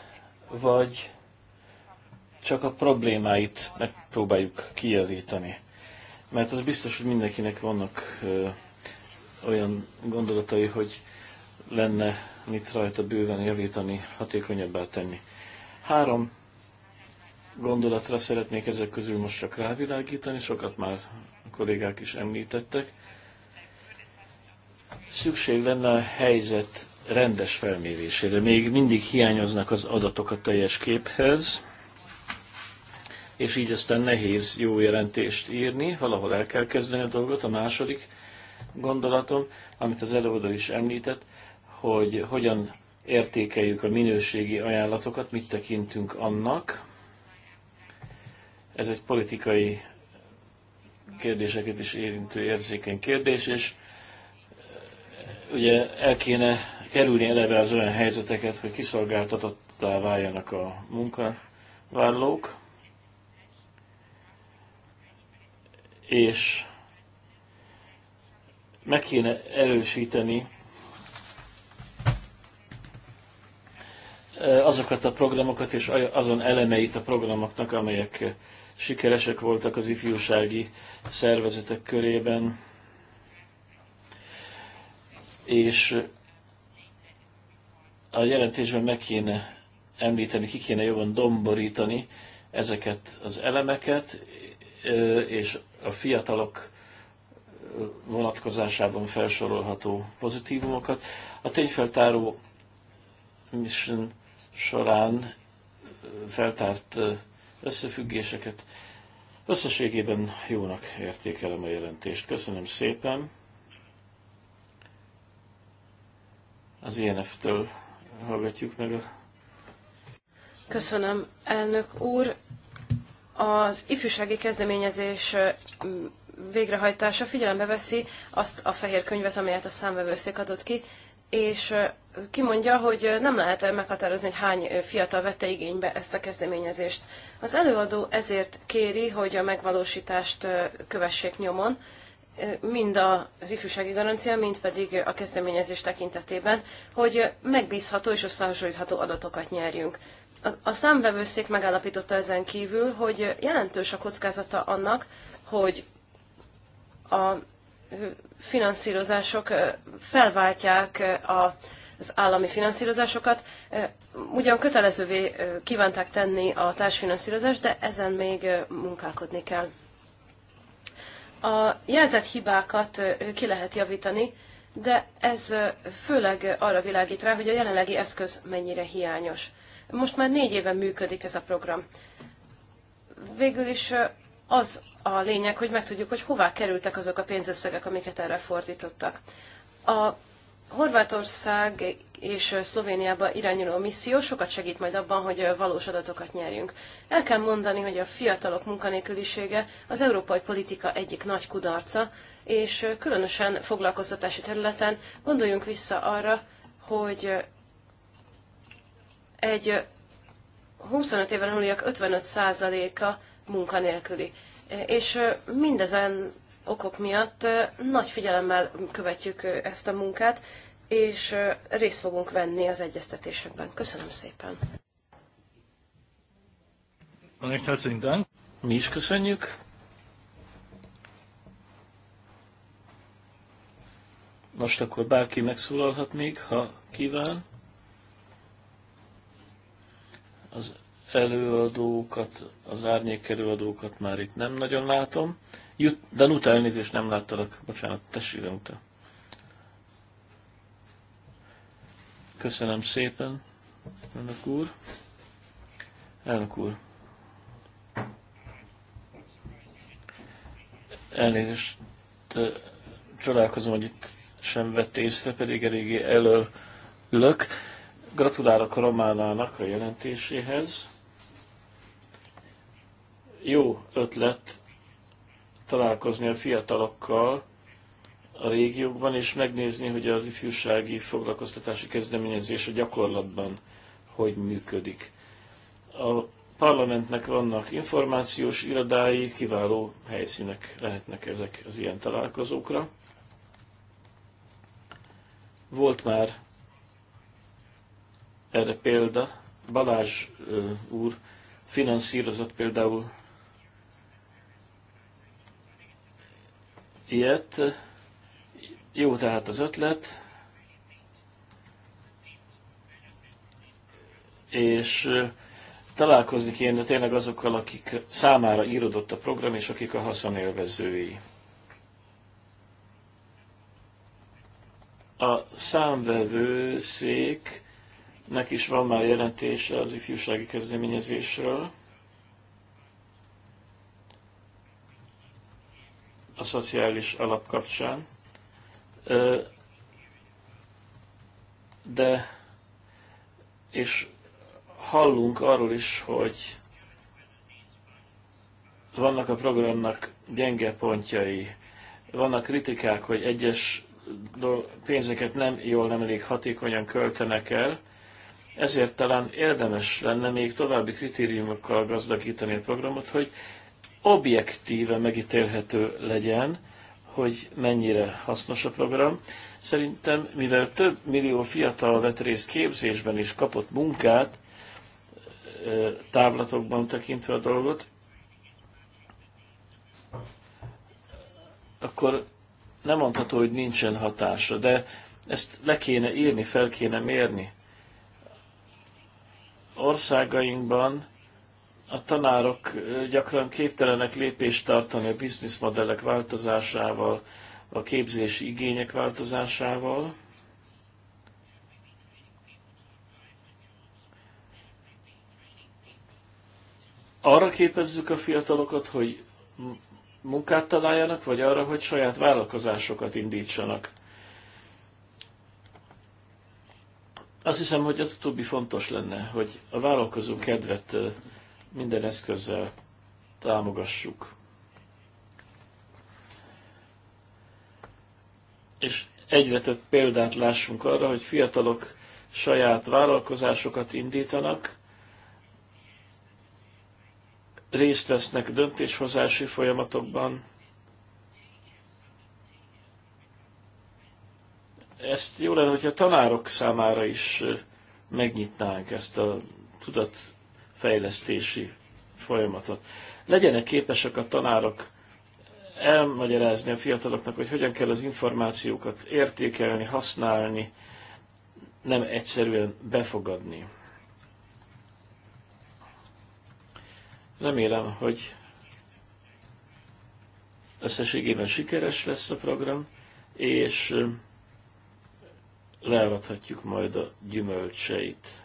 vagy csak a problémáit megpróbáljuk kijavítani. Mert az biztos, hogy mindenkinek vannak ö, olyan gondolatai, hogy lenne mit rajta bőven javítani, hatékonyabbá tenni. Három gondolatra szeretnék ezek közül most csak rávilágítani, sokat már a kollégák is említettek. Szükség lenne a helyzet rendes felmérésére. Még mindig hiányoznak az adatok a teljes képhez, és így aztán nehéz jó jelentést írni, valahol el kell kezdeni a dolgot. A második gondolatom, amit az előadó is említett, hogy hogyan értékeljük a minőségi ajánlatokat, mit tekintünk annak, ez egy politikai kérdéseket is érintő érzékeny kérdés, és eh, ugye el kéne kerülni eleve az olyan helyzeteket, hogy kiszolgáltatottá váljanak a munkavállalók, és meg kéne erősíteni eh, azokat a programokat és azon elemeit a programoknak, amelyek eh, sikeresek voltak az ifjúsági szervezetek körében, és a jelentésben meg kéne említeni, ki kéne jobban domborítani ezeket az elemeket, és a fiatalok vonatkozásában felsorolható pozitívumokat. A tényfeltáró mission során feltárt összefüggéseket. Összességében jónak értékelem a jelentést. Köszönöm szépen. Az INF-től e hallgatjuk meg a... Köszönöm, elnök úr. Az ifjúsági kezdeményezés végrehajtása figyelembe veszi azt a fehér könyvet, amelyet a számvevőszék adott ki, és kimondja, hogy nem lehet -e meghatározni, hogy hány fiatal vette igénybe ezt a kezdeményezést. Az előadó ezért kéri, hogy a megvalósítást kövessék nyomon, mind az ifjúsági garancia, mind pedig a kezdeményezés tekintetében, hogy megbízható és összehasonlítható adatokat nyerjünk. A számvevőszék megállapította ezen kívül, hogy jelentős a kockázata annak, hogy a finanszírozások felváltják a az állami finanszírozásokat. Ugyan kötelezővé kívánták tenni a társfinanszírozást, de ezen még munkálkodni kell. A jelzett hibákat ki lehet javítani, de ez főleg arra világít rá, hogy a jelenlegi eszköz mennyire hiányos. Most már négy éven működik ez a program. Végül is az a lényeg, hogy megtudjuk, hogy hová kerültek azok a pénzösszegek, amiket erre fordítottak. A Horvátország és Szlovéniába irányuló misszió sokat segít majd abban, hogy valós adatokat nyerjünk. El kell mondani, hogy a fiatalok munkanélkülisége az európai politika egyik nagy kudarca, és különösen foglalkoztatási területen gondoljunk vissza arra, hogy egy 25 éven aluliak 55%-a munkanélküli. És mindezen okok miatt nagy figyelemmel követjük ezt a munkát, és részt fogunk venni az egyeztetésekben. Köszönöm szépen! Mi is köszönjük! Most akkor bárki megszólalhat még, ha kíván. Az előadókat, az árnyék előadókat már itt nem nagyon látom. Jut, Danuta, elnézést nem láttalak. Bocsánat, tessék Danuta. Köszönöm szépen, elnök úr. Elnök úr. Elnézést, csodálkozom, hogy itt sem vett észre, pedig eléggé előlök. Gratulálok a Románának a jelentéséhez. Jó ötlet találkozni a fiatalokkal a régiókban, és megnézni, hogy az ifjúsági foglalkoztatási kezdeményezés a gyakorlatban hogy működik. A parlamentnek vannak információs irodái, kiváló helyszínek lehetnek ezek az ilyen találkozókra. Volt már erre példa, Balázs úr finanszírozott például ilyet. Jó tehát az ötlet. És találkozni kéne tényleg azokkal, akik számára írodott a program, és akik a haszonélvezői. A számvevőszéknek is van már jelentése az ifjúsági kezdeményezésről, a szociális alap kapcsán, de és hallunk arról is, hogy vannak a programnak gyenge pontjai, vannak kritikák, hogy egyes pénzeket nem jól, nem elég hatékonyan költenek el, ezért talán érdemes lenne még további kritériumokkal gazdagítani a programot, hogy objektíve megítélhető legyen, hogy mennyire hasznos a program. Szerintem, mivel több millió fiatal vett részt képzésben és kapott munkát, távlatokban tekintve a dolgot, akkor nem mondható, hogy nincsen hatása, de ezt le kéne írni, fel kéne mérni. Országainkban a tanárok gyakran képtelenek lépést tartani a bizniszmodellek változásával, a képzési igények változásával. Arra képezzük a fiatalokat, hogy munkát találjanak, vagy arra, hogy saját vállalkozásokat indítsanak. Azt hiszem, hogy az utóbbi fontos lenne, hogy a vállalkozó kedvet minden eszközzel támogassuk. És egyre több példát lássunk arra, hogy fiatalok saját vállalkozásokat indítanak, részt vesznek döntéshozási folyamatokban. Ezt jó lenne, hogyha a tanárok számára is megnyitnánk ezt a tudat fejlesztési folyamatot. Legyenek képesek a tanárok elmagyarázni a fiataloknak, hogy hogyan kell az információkat értékelni, használni, nem egyszerűen befogadni. Remélem, hogy összességében sikeres lesz a program, és learathatjuk majd a gyümölcseit.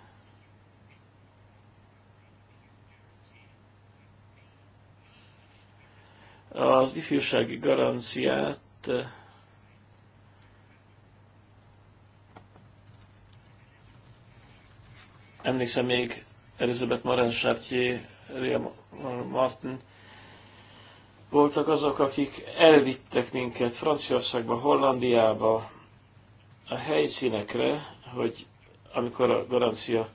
Az ifjúsági garanciát emlékszem még Elizabeth Maren Sartier, Ria Martin voltak azok, akik elvittek minket Franciaországba, Hollandiába, a helyszínekre, hogy amikor a garancia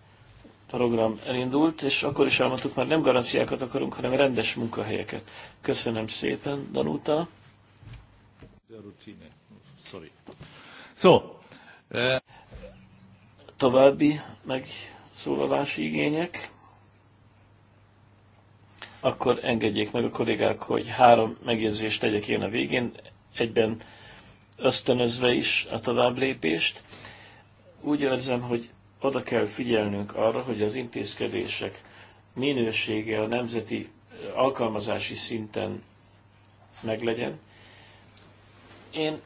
program elindult, és akkor is elmondtuk, már nem garanciákat akarunk, hanem rendes munkahelyeket. Köszönöm szépen, Danuta. Sorry. So, eh, További megszólalási igények. Akkor engedjék meg a kollégák, hogy három megjegyzést tegyek én a végén, egyben ösztönözve is a tovább lépést. Úgy érzem, hogy oda kell figyelnünk arra, hogy az intézkedések minősége a nemzeti eh, alkalmazási szinten meglegyen. Én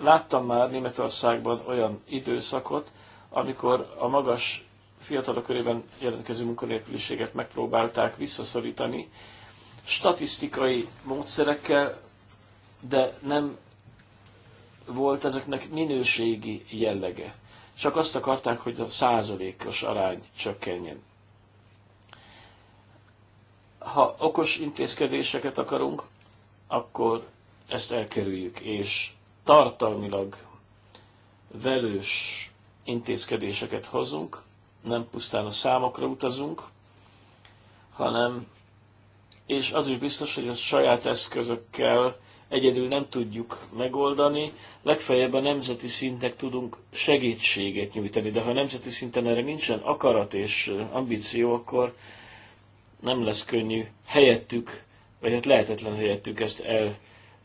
láttam már Németországban olyan időszakot, amikor a magas fiatalok körében jelentkező munkanélküliséget megpróbálták visszaszorítani statisztikai módszerekkel, de nem volt ezeknek minőségi jellege. Csak azt akarták, hogy a százalékos arány csökkenjen. Ha okos intézkedéseket akarunk, akkor ezt elkerüljük, és tartalmilag velős intézkedéseket hozunk, nem pusztán a számokra utazunk, hanem, és az is biztos, hogy a saját eszközökkel egyedül nem tudjuk megoldani, legfeljebb a nemzeti szintek tudunk segítséget nyújtani, de ha nemzeti szinten erre nincsen akarat és ambíció, akkor nem lesz könnyű helyettük, vagy hát lehetetlen helyettük ezt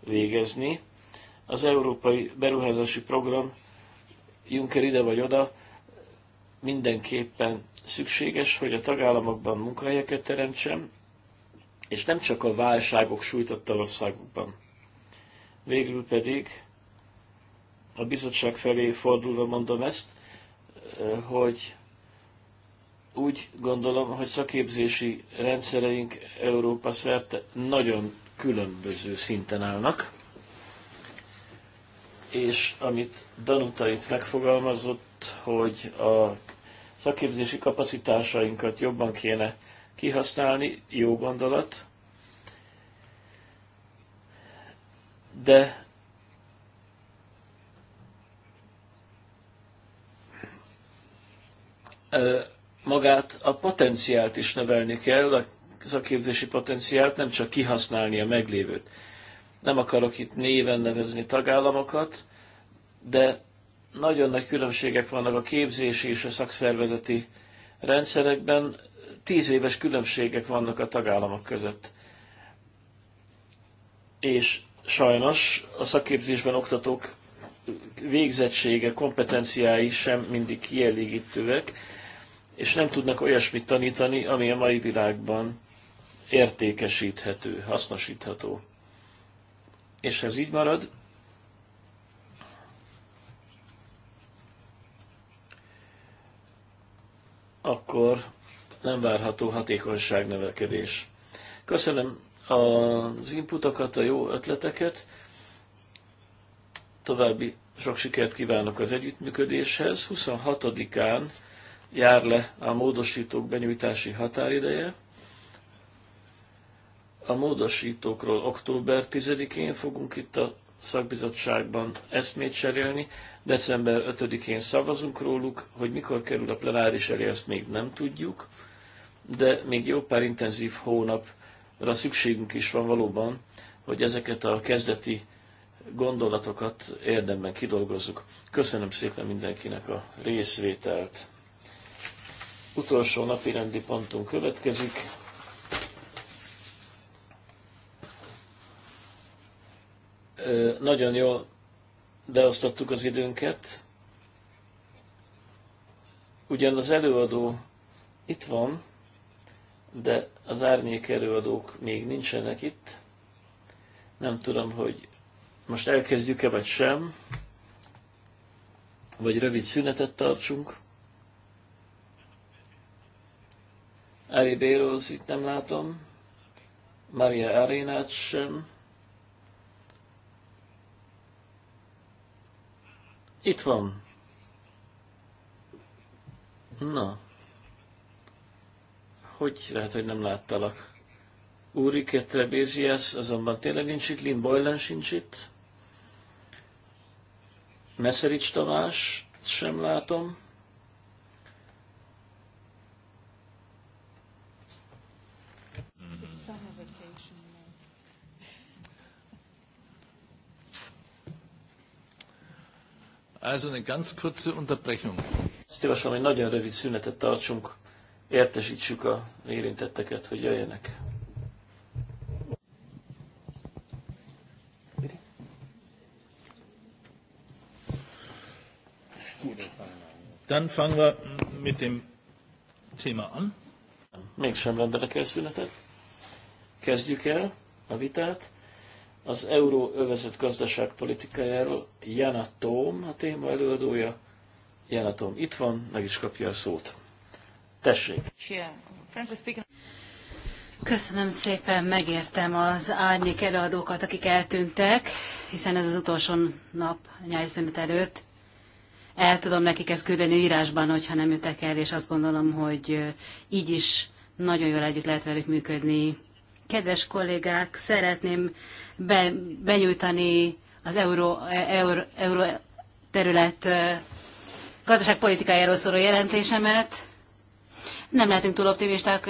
elvégezni. Az Európai Beruházási Program Juncker ide vagy oda mindenképpen szükséges, hogy a tagállamokban munkahelyeket teremtsen, és nem csak a válságok sújtott országokban. Végül pedig a bizottság felé fordulva mondom ezt, hogy úgy gondolom, hogy szaképzési rendszereink Európa szerte nagyon különböző szinten állnak, és amit Danuta itt megfogalmazott, hogy a szakképzési kapacitásainkat jobban kéne kihasználni, jó gondolat, de magát a potenciált is nevelni kell, a szakképzési potenciált, nem csak kihasználni a meglévőt. Nem akarok itt néven nevezni tagállamokat, de nagyon nagy különbségek vannak a képzési és a szakszervezeti rendszerekben, tíz éves különbségek vannak a tagállamok között. És sajnos a szakképzésben oktatók végzettsége, kompetenciái sem mindig kielégítőek, és nem tudnak olyasmit tanítani, ami a mai világban értékesíthető, hasznosítható. És ez így marad, akkor nem várható hatékonyságnövekedés. Köszönöm az inputokat, a jó ötleteket. További sok sikert kívánok az együttműködéshez. 26-án jár le a módosítók benyújtási határideje. A módosítókról október 10-én fogunk itt a szakbizottságban eszmét cserélni. December 5-én szavazunk róluk, hogy mikor kerül a plenáris elé, ezt még nem tudjuk, de még jó pár intenzív hónap arra szükségünk is van valóban, hogy ezeket a kezdeti gondolatokat érdemben kidolgozzuk. Köszönöm szépen mindenkinek a részvételt. Utolsó napi rendi pontunk következik. Nagyon jól beosztottuk az időnket. Ugyan az előadó itt van, de az árnyék előadók még nincsenek itt. Nem tudom, hogy most elkezdjük-e vagy sem, vagy rövid szünetet tartsunk. Ari Béroz itt nem látom, Maria Arénát sem. Itt van. Na. Hogy lehet, hogy nem láttalak? Úri Trebéziász azonban tényleg nincs itt, Lin Boylan sincs itt. Meszerics Tamás, sem látom. Also eine ganz kurze Unterbrechung. nagyon rövid szünetet tartsunk értesítsük a érintetteket, hogy jöjjenek. Dann fangen wir mit dem Thema an. Mégsem rendelek el szünetet. Kezdjük el a vitát. Az euróövezet gazdaságpolitikájáról Jana Tóm a téma előadója. Jana Tóm itt van, meg is kapja a szót. Tessék! Köszönöm szépen, megértem az árnyék előadókat, akik eltűntek, hiszen ez az utolsó nap nyájszünet előtt. El tudom nekik ezt küldeni írásban, hogyha nem jöttek el, és azt gondolom, hogy így is nagyon jól együtt lehet velük működni. Kedves kollégák, szeretném be, benyújtani az euró, e, euró, euró terület gazdaságpolitikájáról szóló jelentésemet. Nem lehetünk túl optimisták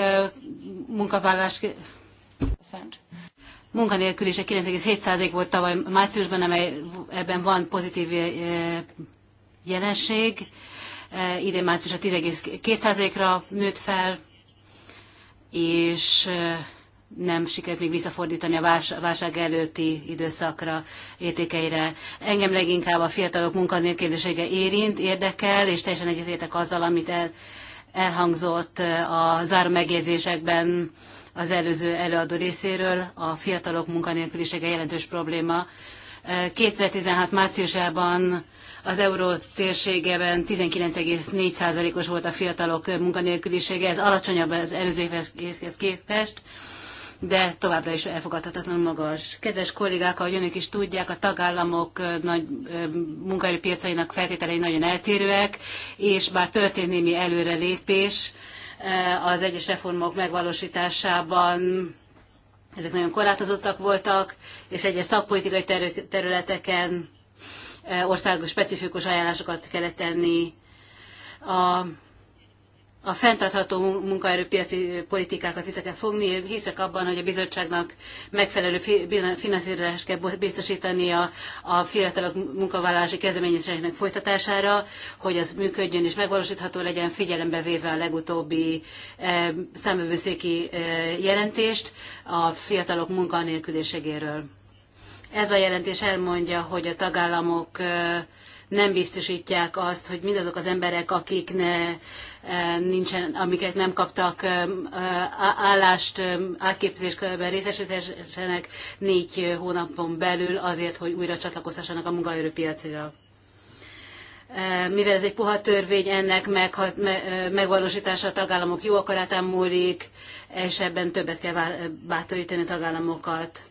munkavállás munkanélkülése 9,7% volt tavaly márciusban, amely ebben van pozitív jelenség. Idén március a 10,2%-ra nőtt fel, és nem sikerült még visszafordítani a válság előtti időszakra értékeire. Engem leginkább a fiatalok munkanélkülisége érint, érdekel, és teljesen egyetértek azzal, amit el, elhangzott a záró megjegyzésekben az előző előadó részéről, a fiatalok munkanélkülisége jelentős probléma. 2016 márciusában az euró térségeben 19,4%-os volt a fiatalok munkanélkülisége, ez alacsonyabb az előző évhez képest, de továbbra is elfogadhatatlan magas. Kedves kollégák, ahogy önök is tudják, a tagállamok nagy munkaerőpiacainak feltételei nagyon eltérőek, és bár történt némi előrelépés az egyes reformok megvalósításában, ezek nagyon korlátozottak voltak, és egyes szakpolitikai területeken országos specifikus ajánlásokat kellett tenni. A a fenntartható munkaerőpiaci politikákat vissza kell fogni. Hiszek abban, hogy a bizottságnak megfelelő finanszírozást kell biztosítani a, a fiatalok munkavállalási kezdeményezésének folytatására, hogy az működjön és megvalósítható legyen, figyelembe véve a legutóbbi e, számövőszéki e, jelentést a fiatalok munkanélküliségéről. Ez a jelentés elmondja, hogy a tagállamok e, nem biztosítják azt, hogy mindazok az emberek, akik ne, e, nincsen, amiket nem kaptak e, e, állást, átképzésben részesíthessenek négy hónapon belül azért, hogy újra csatlakozhassanak a munkaerőpiacra mivel ez egy puha törvény, ennek meg, me, megvalósítása a tagállamok jó akarátán múlik, és ebben többet kell bátorítani a tagállamokat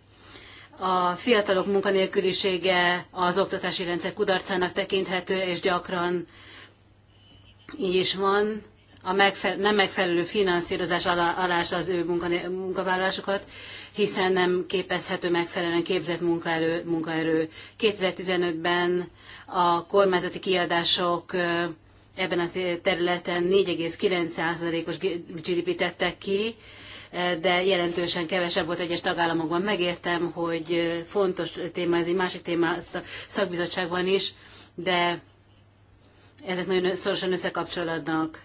a fiatalok munkanélkülisége az oktatási rendszer kudarcának tekinthető, és gyakran így is van. A megfe- nem megfelelő finanszírozás alá- alása az ő munkavállásokat, hiszen nem képezhető megfelelően képzett munkaerő. munkaerő. 2015-ben a kormányzati kiadások ebben a területen 4,9%-os GDP tettek ki, de jelentősen kevesebb volt egyes tagállamokban. Megértem, hogy fontos téma, ez egy másik téma a szakbizottságban is, de ezek nagyon szorosan összekapcsolódnak.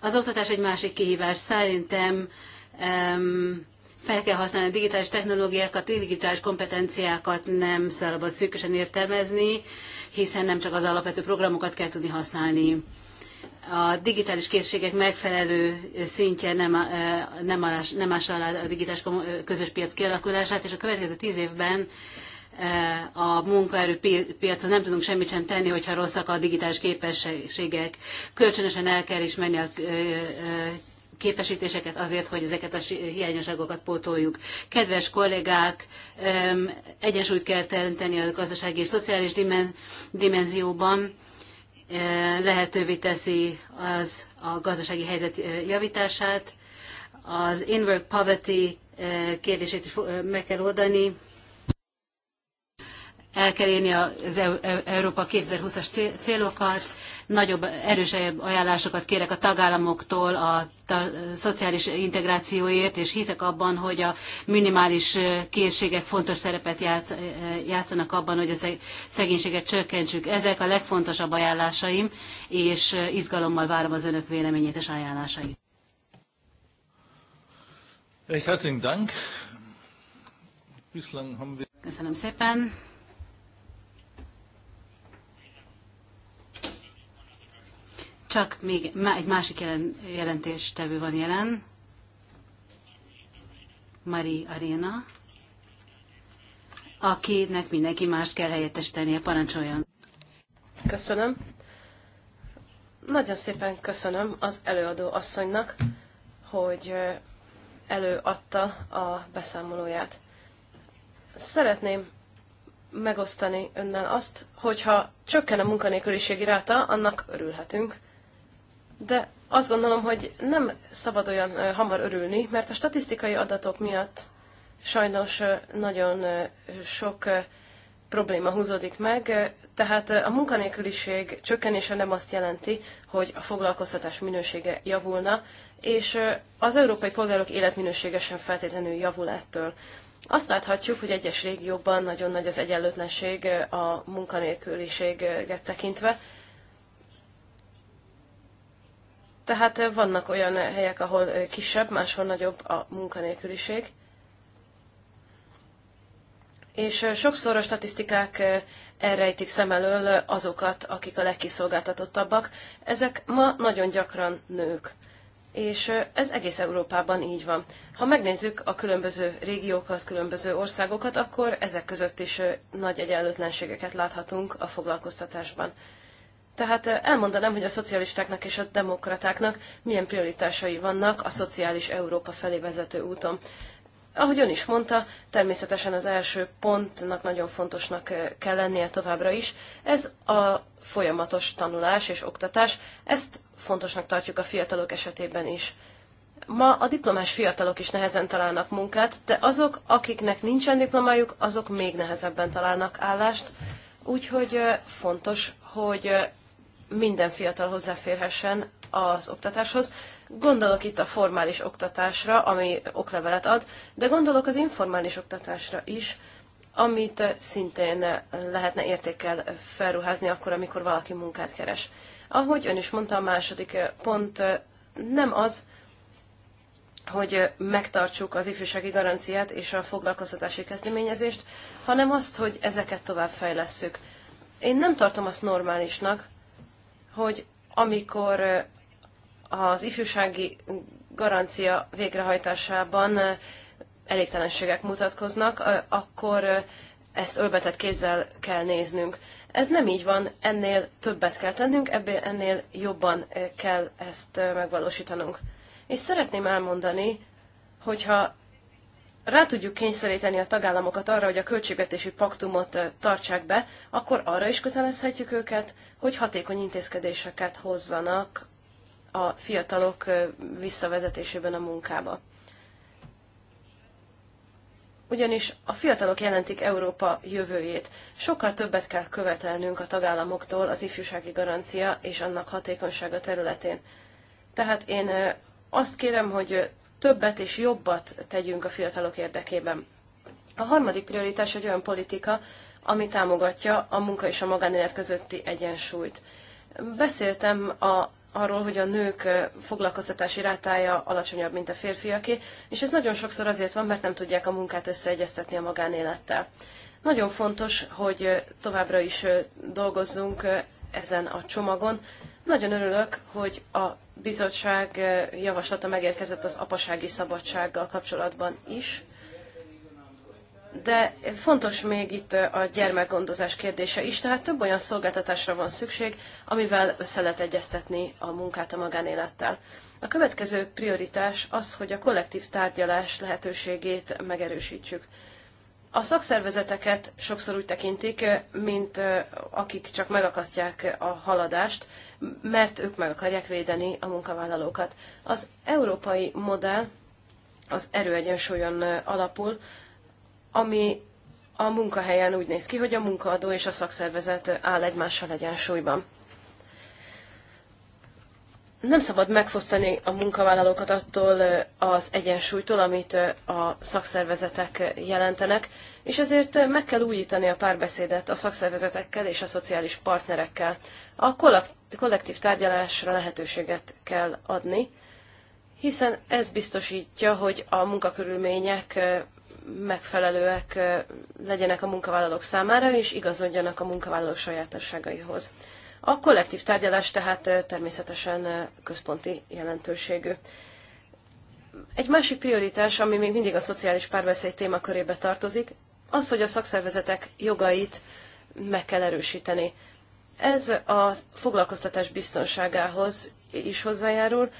Az oktatás egy másik kihívás. Szerintem um, fel kell használni a digitális technológiákat, digitális kompetenciákat nem szabad szűkösen értelmezni, hiszen nem csak az alapvető programokat kell tudni használni a digitális készségek megfelelő szintje nem, e, nem, alás, nem ás alá a digitális e, közös piac kialakulását, és a következő tíz évben e, a piacon nem tudunk semmit sem tenni, hogyha rosszak a digitális képességek. Kölcsönösen el kell ismerni a képesítéseket azért, hogy ezeket a hiányosságokat pótoljuk. Kedves kollégák, egyensúlyt kell teremteni a gazdasági és szociális dimenzióban lehetővé teszi az a gazdasági helyzet javítását. Az in-work poverty kérdését is meg kell oldani, el kell érni az Európa 2020-as célokat, nagyobb, erősebb ajánlásokat kérek a tagállamoktól a szociális integrációért, és hiszek abban, hogy a minimális készségek fontos szerepet játszanak abban, hogy a szegénységet csökkentsük. Ezek a legfontosabb ajánlásaim, és izgalommal várom az önök véleményét és ajánlásait. Köszönöm szépen. csak még egy másik jelentéstevő van jelen, Mari Arena, akinek mindenki mást kell helyettesítenie, parancsoljon. Köszönöm. Nagyon szépen köszönöm az előadó asszonynak, hogy előadta a beszámolóját. Szeretném megosztani önnel azt, hogyha csökken a munkanélküliségi ráta, annak örülhetünk de azt gondolom, hogy nem szabad olyan hamar örülni, mert a statisztikai adatok miatt sajnos nagyon sok probléma húzódik meg, tehát a munkanélküliség csökkenése nem azt jelenti, hogy a foglalkoztatás minősége javulna, és az európai polgárok életminősége sem feltétlenül javul ettől. Azt láthatjuk, hogy egyes régiókban nagyon nagy az egyenlőtlenség a munkanélküliséget tekintve, Tehát vannak olyan helyek, ahol kisebb, máshol nagyobb a munkanélküliség. És sokszor a statisztikák elrejtik szem elől azokat, akik a legkiszolgáltatottabbak. Ezek ma nagyon gyakran nők. És ez egész Európában így van. Ha megnézzük a különböző régiókat, különböző országokat, akkor ezek között is nagy egyenlőtlenségeket láthatunk a foglalkoztatásban. Tehát elmondanám, hogy a szocialistáknak és a demokratáknak milyen prioritásai vannak a szociális Európa felé vezető úton. Ahogy ön is mondta, természetesen az első pontnak nagyon fontosnak kell lennie továbbra is. Ez a folyamatos tanulás és oktatás, ezt fontosnak tartjuk a fiatalok esetében is. Ma a diplomás fiatalok is nehezen találnak munkát, de azok, akiknek nincsen diplomájuk, azok még nehezebben találnak állást, úgyhogy fontos, hogy minden fiatal hozzáférhessen az oktatáshoz. Gondolok itt a formális oktatásra, ami oklevelet ad, de gondolok az informális oktatásra is, amit szintén lehetne értékkel felruházni akkor, amikor valaki munkát keres. Ahogy ön is mondta, a második pont nem az, hogy megtartsuk az ifjúsági garanciát és a foglalkoztatási kezdeményezést, hanem azt, hogy ezeket tovább fejlesszük. Én nem tartom azt normálisnak, hogy amikor az ifjúsági garancia végrehajtásában elégtelenségek mutatkoznak, akkor ezt ölbetett kézzel kell néznünk. Ez nem így van, ennél többet kell tennünk, ebből ennél jobban kell ezt megvalósítanunk. És szeretném elmondani, hogyha rá tudjuk kényszeríteni a tagállamokat arra, hogy a költségvetési paktumot tartsák be, akkor arra is kötelezhetjük őket, hogy hatékony intézkedéseket hozzanak a fiatalok visszavezetésében a munkába. Ugyanis a fiatalok jelentik Európa jövőjét. Sokkal többet kell követelnünk a tagállamoktól az ifjúsági garancia és annak hatékonysága területén. Tehát én azt kérem, hogy többet és jobbat tegyünk a fiatalok érdekében. A harmadik prioritás egy olyan politika, ami támogatja a munka és a magánélet közötti egyensúlyt. Beszéltem a, arról, hogy a nők foglalkoztatási rátája alacsonyabb, mint a férfiaké, és ez nagyon sokszor azért van, mert nem tudják a munkát összeegyeztetni a magánélettel. Nagyon fontos, hogy továbbra is dolgozzunk ezen a csomagon. Nagyon örülök, hogy a bizottság javaslata megérkezett az apasági szabadsággal kapcsolatban is de fontos még itt a gyermekgondozás kérdése is, tehát több olyan szolgáltatásra van szükség, amivel össze lehet egyeztetni a munkát a magánélettel. A következő prioritás az, hogy a kollektív tárgyalás lehetőségét megerősítsük. A szakszervezeteket sokszor úgy tekintik, mint akik csak megakasztják a haladást, mert ők meg akarják védeni a munkavállalókat. Az európai modell az erőegyensúlyon alapul, ami a munkahelyen úgy néz ki, hogy a munkaadó és a szakszervezet áll egymással egyensúlyban. Nem szabad megfosztani a munkavállalókat attól az egyensúlytól, amit a szakszervezetek jelentenek, és ezért meg kell újítani a párbeszédet a szakszervezetekkel és a szociális partnerekkel. A kollektív tárgyalásra lehetőséget kell adni, hiszen ez biztosítja, hogy a munkakörülmények megfelelőek legyenek a munkavállalók számára, és igazodjanak a munkavállalók sajátosságaihoz. A kollektív tárgyalás tehát természetesen központi jelentőségű. Egy másik prioritás, ami még mindig a szociális párbeszéd témakörébe tartozik, az, hogy a szakszervezetek jogait meg kell erősíteni. Ez a foglalkoztatás biztonságához is hozzájárul,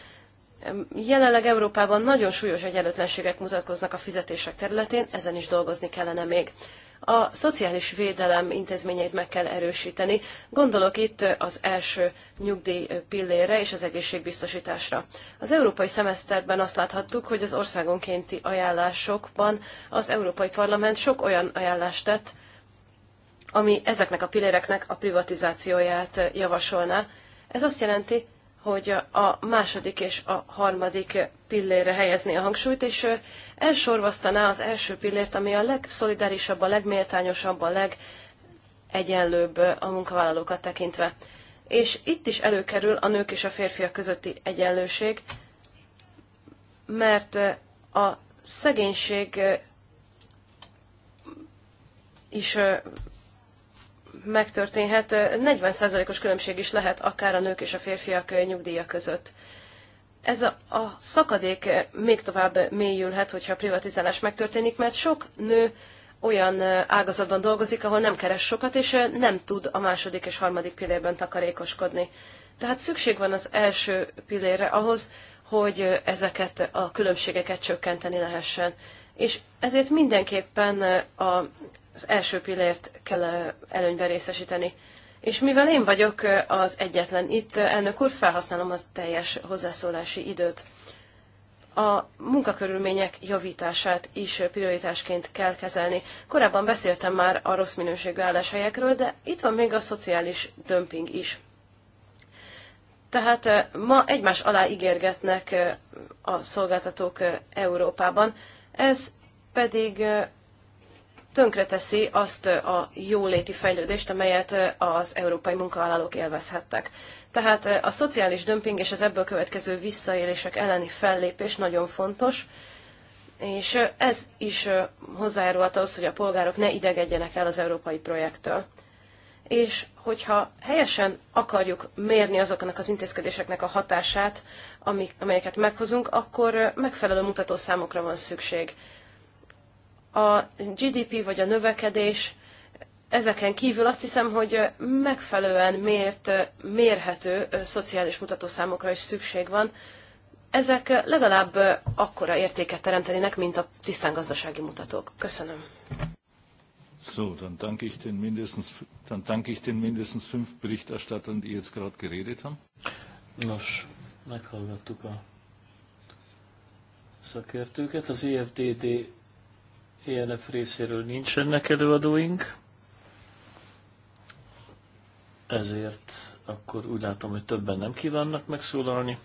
Jelenleg Európában nagyon súlyos egyenlőtlenségek mutatkoznak a fizetések területén, ezen is dolgozni kellene még. A szociális védelem intézményeit meg kell erősíteni. Gondolok itt az első nyugdíj pillére és az egészségbiztosításra. Az európai szemeszterben azt láthattuk, hogy az országonkénti ajánlásokban az Európai Parlament sok olyan ajánlást tett, ami ezeknek a pilléreknek a privatizációját javasolná. Ez azt jelenti, hogy a második és a harmadik pillére helyezni a hangsúlyt, és elsorvasztaná az első pillért, ami a legszolidárisabb, a legméltányosabb, a legegyenlőbb a munkavállalókat tekintve. És itt is előkerül a nők és a férfiak közötti egyenlőség, mert a szegénység is megtörténhet, 40%-os különbség is lehet akár a nők és a férfiak nyugdíja között. Ez a, a szakadék még tovább mélyülhet, hogyha a privatizálás megtörténik, mert sok nő olyan ágazatban dolgozik, ahol nem keres sokat, és nem tud a második és harmadik pillérben takarékoskodni. Tehát szükség van az első pillérre ahhoz, hogy ezeket a különbségeket csökkenteni lehessen. És ezért mindenképpen a az első pillért kell előnyben részesíteni. És mivel én vagyok az egyetlen itt, elnök úr, felhasználom az teljes hozzászólási időt. A munkakörülmények javítását is prioritásként kell kezelni. Korábban beszéltem már a rossz minőségű álláshelyekről, de itt van még a szociális dömping is. Tehát ma egymás alá ígérgetnek a szolgáltatók Európában, ez pedig tönkreteszi azt a jóléti fejlődést, amelyet az európai munkavállalók élvezhettek. Tehát a szociális dömping és az ebből következő visszaélések elleni fellépés nagyon fontos, és ez is hozzájárulhat az, hogy a polgárok ne idegedjenek el az európai projekttől. És hogyha helyesen akarjuk mérni azoknak az intézkedéseknek a hatását, amelyeket meghozunk, akkor megfelelő mutatószámokra van szükség a GDP vagy a növekedés, ezeken kívül azt hiszem, hogy megfelelően mért, mérhető szociális mutatószámokra is szükség van. Ezek legalább akkora értéket teremtenének, mint a tisztán gazdasági mutatók. Köszönöm. So, dann danke ich den mindestens, dann danke ich den mindestens fünf Berichterstattern, die jetzt gerade geredet haben. Nos, meghallgattuk a szakértőket. Az EFDD ELF részéről nincsenek előadóink, ezért akkor úgy látom, hogy többen nem kívánnak megszólalni.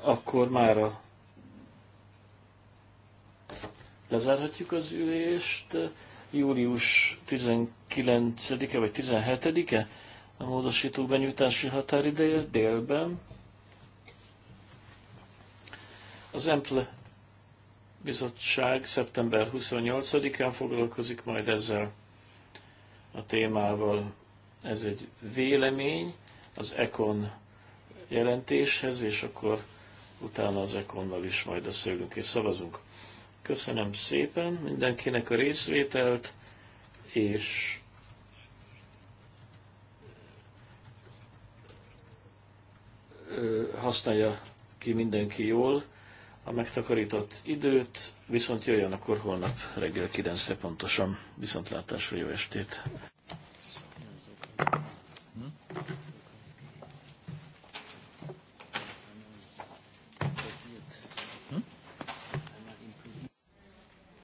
Akkor már a lezárhatjuk az ülést. Július 19-e vagy 17-e a módosító benyújtási határideje délben. Az bizottság szeptember 28-án foglalkozik majd ezzel a témával. Ez egy vélemény az ECON jelentéshez, és akkor utána az ECON-nal is majd a szőlünk és szavazunk. Köszönöm szépen mindenkinek a részvételt, és használja ki mindenki jól a megtakarított időt, viszont jöjjön akkor holnap reggel 9 pontosan. Viszontlátásra jó estét!